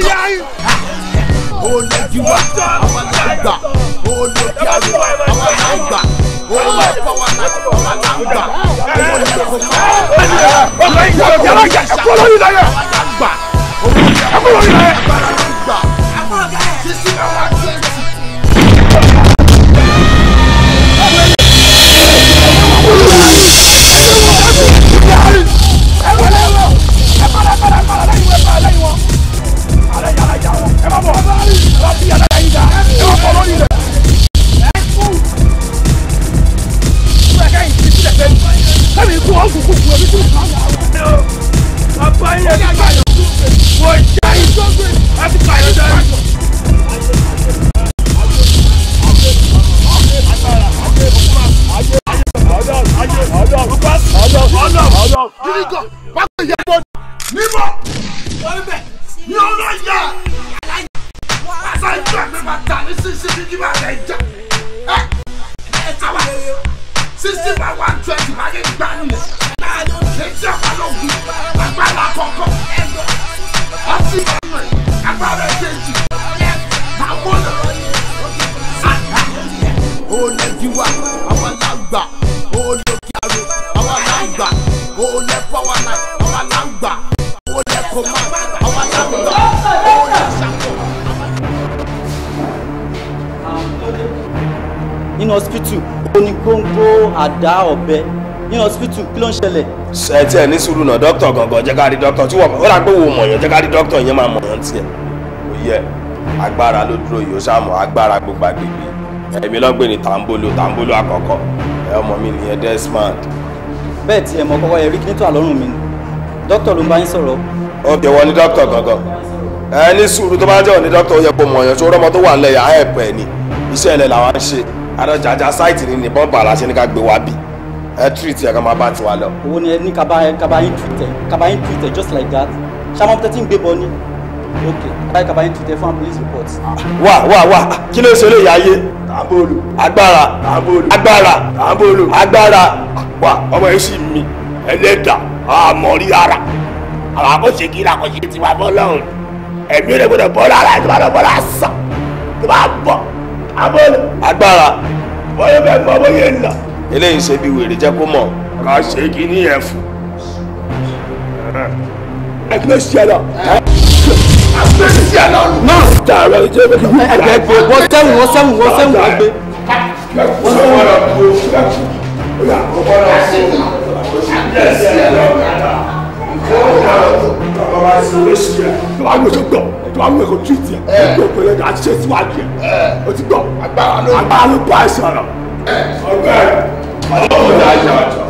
ìyá yín. olùdíwà àwọn àgbà olùdarí àwọn àgbà olùkọ́wà àwọn àgbà olùkọ́wà àwọn àgbà olùkọ́wà àwọn àgbà olùkọ́wà àwọn àgbà. ó ní góńgó àdá ọ̀bẹ ní hospital kí ló ń ṣẹlẹ̀. ẹ tiẹ̀ ní sùúrù náà dókítà gangan jẹ́ ká rí dókítà tí wọ́n ó rà pé wò mọ̀yàn jẹ́ ká rí dókítà yẹn máa mọ̀yàn tiẹ̀ ó yẹ agbára ló dúró yìí ó ṣàmọ̀ agbára gbogbo agbègbè èmi lọ́gbìn ní tàǹbólò tàǹbólò àkọ́kọ́ ẹ ọmọ mi nìyẹn desmond. bẹ́ẹ̀ tiẹ̀ mọ kọ́kọ́ erik nítorí àlọ́run mi ni dókítà ló ń bá yín sọ̀rọ̀. ó bẹ̀ wọ́n ní dókítà gangan ẹ ní sùúrù tó bá jẹ́ òní dókítà ó yẹ kó mọ̀yàn ni iṣẹ́ ilẹ̀ adọ́jàjà sáìtì ni nìbọn bàrà ṣe ní ká gbé wa bì ẹ tírìtì ẹ ká máa bá tiwa lọ. owó ni ẹ ní kaba ẹ kaba yín tírìtì kaba yín tírìtì just like that ṣàmọ́ tẹ́tí ń gbé bọ ni ok báyìí kaba yín tírìtì fún police report. wà wà wà kí ló ṣe lè yá ayé. tàbóòlù agbára tàbóòlù agbára tàbóòlù agbára wà ọmọ yẹn sì mi ẹlẹ́dà àmọ́rí ara àwọn akóṣe kí làkọ́ṣe tiwa bọ́ lọ́rùn ẹ̀mí rẹ̀ gbọ́dọ̀ bọ́ lára ẹ̀ tó bá abọ́lẹ̀. agbára. bóyá bẹ́ẹ̀ mọ bóyá ń là. eléyìí ṣe bí wèrè jẹ́ kó mọ̀. ká ṣe kí ní ẹ̀ fún. ẹgbẹ́ ṣẹlẹ̀. ẹgbẹ́ ṣẹlẹ̀. náà tààrà ìjẹ́ bẹ́ẹ̀ kí. ẹgbẹ́ gbé wọ́n sẹ́wọ̀n wọ́n sẹ́wọ̀n wọ́n sẹ́wọ̀n wọ́n gbé. wọ́n sẹ́wọ̀n wọ́n gbé. wọ́n sẹ́wọ̀n wọ́n gbé wà wúwo kò treat yẹ ẹgbẹ́ òpèlè náà àti ṣe síwájú yẹ o ti gbọ́ agbára ló bá àìsàn rà. ọgbẹ́ ọlọ́run ní àjà ọjọ́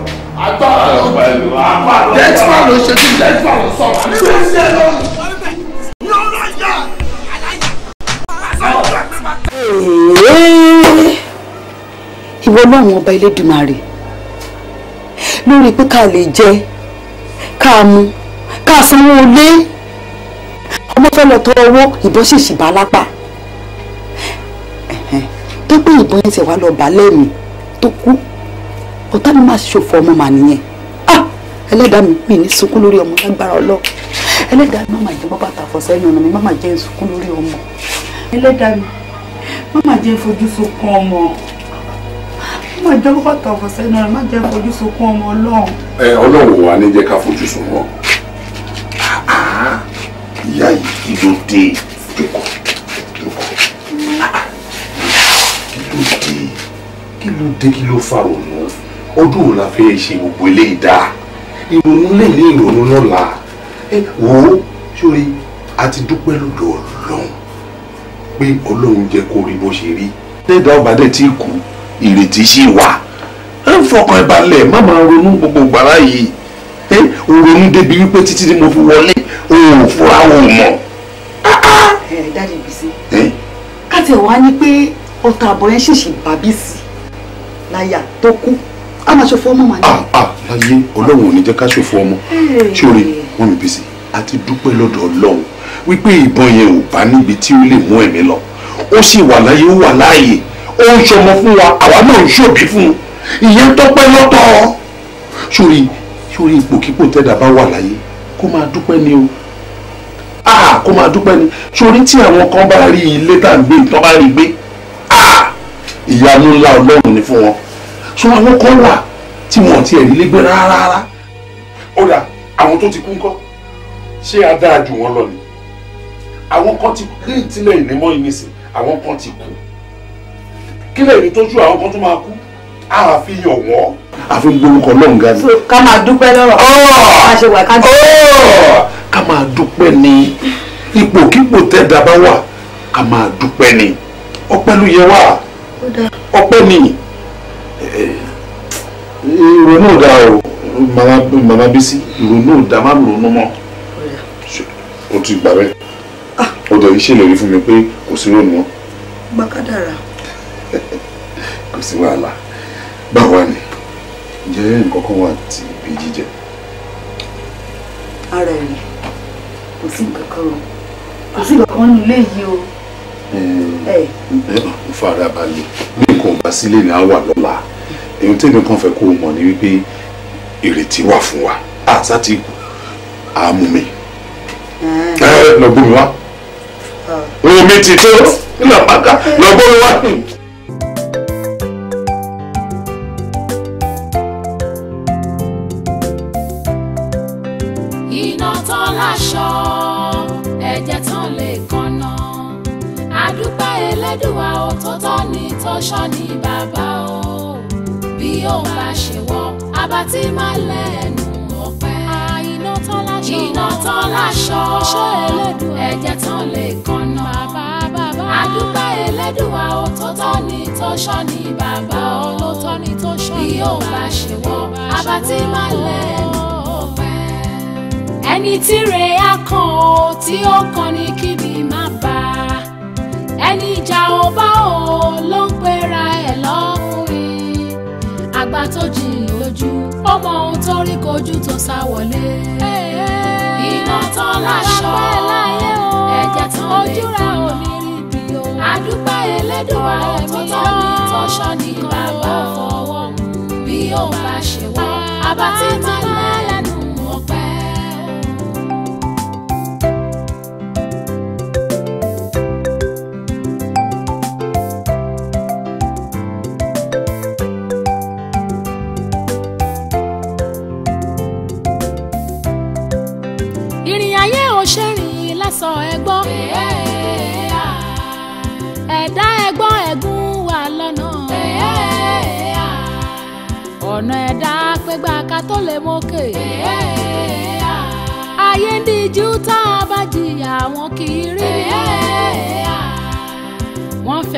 agbára ló pẹ̀lú agbára ló. dẹ́tíwá ló ṣe kí dẹ́tíwá ló sọ wà nínú iṣẹ́ lọ́rùn. ìwọ ọlọ́run ọba Elédùmarè lórí pé ká lè jẹ ká mu ká sanwó lé ọmọ fẹ́ lọ tọ owó ìbọn sì sì bá lápá tó pé ìbọn yẹn ti wá lọ bá lẹ́mìí tó kú ọ̀tá mi máa ṣòfò ọmọ mà nìyẹn ah! ẹlẹ́dàá mi mi ní sunkún lórí ọmọ lágbára ọlọ́ ẹlẹ́dàá mi má máa jẹ́ bọ́ bàtà fọ̀sẹ́ ẹ̀yìn ọ̀nà mi má máa jẹ́ sunkún lórí ọmọ ẹlẹ́dàá mi má máa jẹ́ fojú sunkún ọmọ má jẹ́ bọ́ bàtà fọ̀sẹ́ ẹ̀yìn ọ̀nà má jẹ́ fojú sunkún ọmọ ọlọ́run. ẹ ọlọ́run wa ní jẹ́ ká fojú sunkún ìyá yìí kí ló dé jókòó jókòó ah, ah. kí ló dé kí ló dé kí ló fa ònà ọdún òun la fẹ́ ṣe gbogbo eléyìí dáa ìrònú lè ní ìrònú lọ́la ẹ wò ó sórí a ti dúpẹ́ lọ́dọ̀ ọlọ́run pé ọlọ́run jẹ́ kó rí bó ṣe rí lẹ́dàá ọba dẹ̀ tí kú ìrètí sì wà ẹ ń fọkàn ẹ balẹ̀ má máa ronú gbogbo gbàrà yìí o ronú débi wípé títí ni mo fi wọlé o ò fura o mọ̀. Ah, ah. dájú bísí káti ẹ̀ wá ní pé ọ̀tá àbọ̀ yẹn ṣèṣì bá bísí láyà tó kú a máa ṣòfò ọmọ màá ní. Ah, láyé ọlọ́run ò ní jẹ́ ká ṣòfò ọmọ ṣóore wọ́n mi bísí àti dúpẹ́ lọ́dọ̀ ọlọ́run wípé ìbọn yẹn ò bá níbi tí ó lè mú ẹ̀mí lọ ó sì wà láyé ó wà láàyè ó ń ṣọmọ fún wa àwa náà ń ṣòbí fún un ìyẹn tọ́pẹ́ lọ́tọ̀ ṣórí sórí ipòkípò tẹ́dà bá wà láyé kó máa dúpẹ́ ni o ah kó máa dúpẹ́ ni sórí tí àwọn kan bá rí ilé tá à ń gbé tó bá rí gbé ah ìyanu ńlá ọlọ́run ni fún wọn so àwọn kan wà tí wọn ti ẹ̀rí lé gbé rárá ó dà àwọn tó ti kú ńkọ́ ṣé a dáa jù wọ́n lọ ni àwọn kan ti ní ìtìlẹ̀ ìnímọ̀ ìnísìn àwọn kan ti kú kílẹ̀ ìní tó ju àwọn kan tó máa kú àfihàn wọ́n àfi ń gbórúkọ lọ́hùn gan ni. ká máa dúpẹ́ lọ́rọ̀ ká ṣe wà ká dúpẹ́. ká máa dúpẹ́ ni ipòkípò tẹ́dá bá wà ká máa dúpẹ́ ni ọpẹ́ ló yẹ wá ọpẹ́ ni ìrònú ò dáa o màmá màmá Bísí ìrònú ò dáa má ronú mọ́ o ti gbà bẹ́ẹ̀ o ah. dẹ̀ ṣèlérí fún mi pé kò sí ronú mọ́. gbàkádàrà. kò sí wàhálà báwa ni ǹjẹ́ nǹkan kan wà tí ibi jíjẹ. ara ẹ̀ kò sí nǹkan kan o kò sí nǹkan kan nílé yìí o. Eh, eh. ẹ fara balẹ̀ bí nǹkan bá sílé ni á wà lọ́la èyí tí èmi kan fẹ́ kó o mọ̀ ni wípé ìrètí wà fún wa àṣà ti kù àmú mi eh. lọ gbómi wá ah. omi ti tó nílò àpáká lọ gbómi wá. tán láṣọ ẹ̀jẹ̀ tán lè kànnà àdúpẹ́ Elédùà òtọ́tọ́ ní tọ́ṣọ́ ní bàbá o bí ó bá ṣe wọ́ abatí má lẹ́nu ọpẹ́ iná tán láṣọ iná tán láṣọ ẹ̀jẹ̀ tán lè kànnà àdúpẹ́ Elédùà òtọ́tọ́ ní tọ́ṣọ́ ní bàbá o bí ó bá ṣe wọ́ abatí má lẹ́nu ẹni tí rè á kàn ó tí ó kàn ní kíbi má bà á ẹni ìjà ò bá ò ló ń pera ẹ̀ lọ́kùnrin àgbà tó jìn lójú ó mọ ohun tó rí kojú tó sá wọlé iná tán láṣọ ẹ̀jẹ̀ tán lè tán adúpẹ́ elédùn àwọn tó tọ́ mi.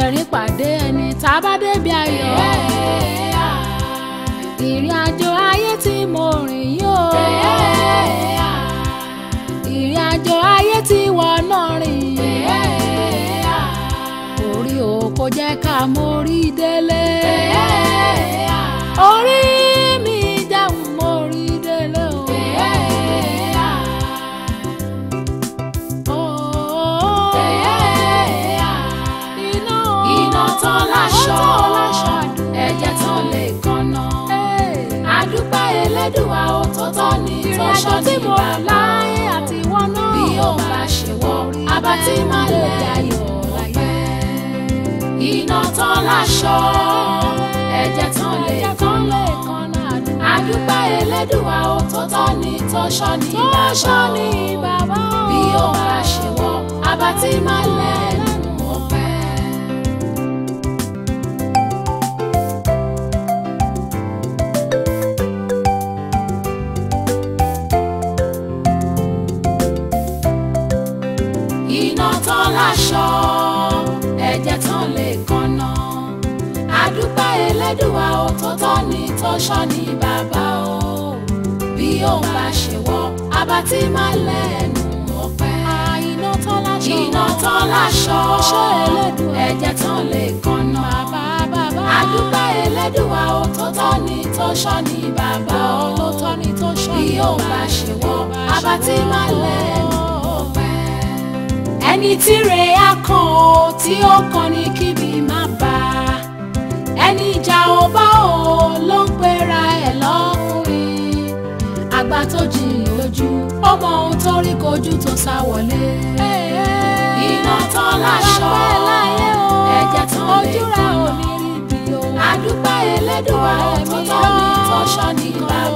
ẹ̀rín pàdé ẹni tá a bá débi ayọ̀. ìrìn àjò ayé tí mo rìn yóò. ìrìn àjò ayé tí wọ́n náà rìn. orí o jẹ́ ká mórí délé. aṣọ tí mo rà láyé àti ìwọ náà bí ó bá ṣe wọ abatí má lè dayọ̀ láyé. iná tán láṣọ ẹ̀jẹ̀ tán lè kán lè kán náà dùn. àdúgbò elédùnwà bàbá bí ó bá ṣe wọ abatí má lè aṣọ ẹ̀jẹ̀ tán lè kanna àdúpẹ́ Elédùà òtótọ́ ni tó ṣọ́ bàbá o bí ó bá ṣe wọ́ abatí má lẹ́nu ọpẹ́ iná tán láṣọ iná tán ẹ̀jẹ̀ tán lè kanna àdúpẹ́ Elédùà òtótọ́ ni tó ṣọ́ ni bàbá o bí ó bá ṣe wọ́ abatí má lẹ́nu ẹni tí rè á kàn ó tí ó kàn ní kíbi má bà á ẹni ìjà ò bá ò ló ń pera ẹ̀ lọ́kùnrin àgbà tó jìn lójú ó mọ ohun tó rí kojú tó sá wọlé. iná tán láṣọ ẹ̀jẹ̀ tán lè kọ́ adúpẹ́ Ẹlẹ́dùà tó tọ́ mi tó ṣọ́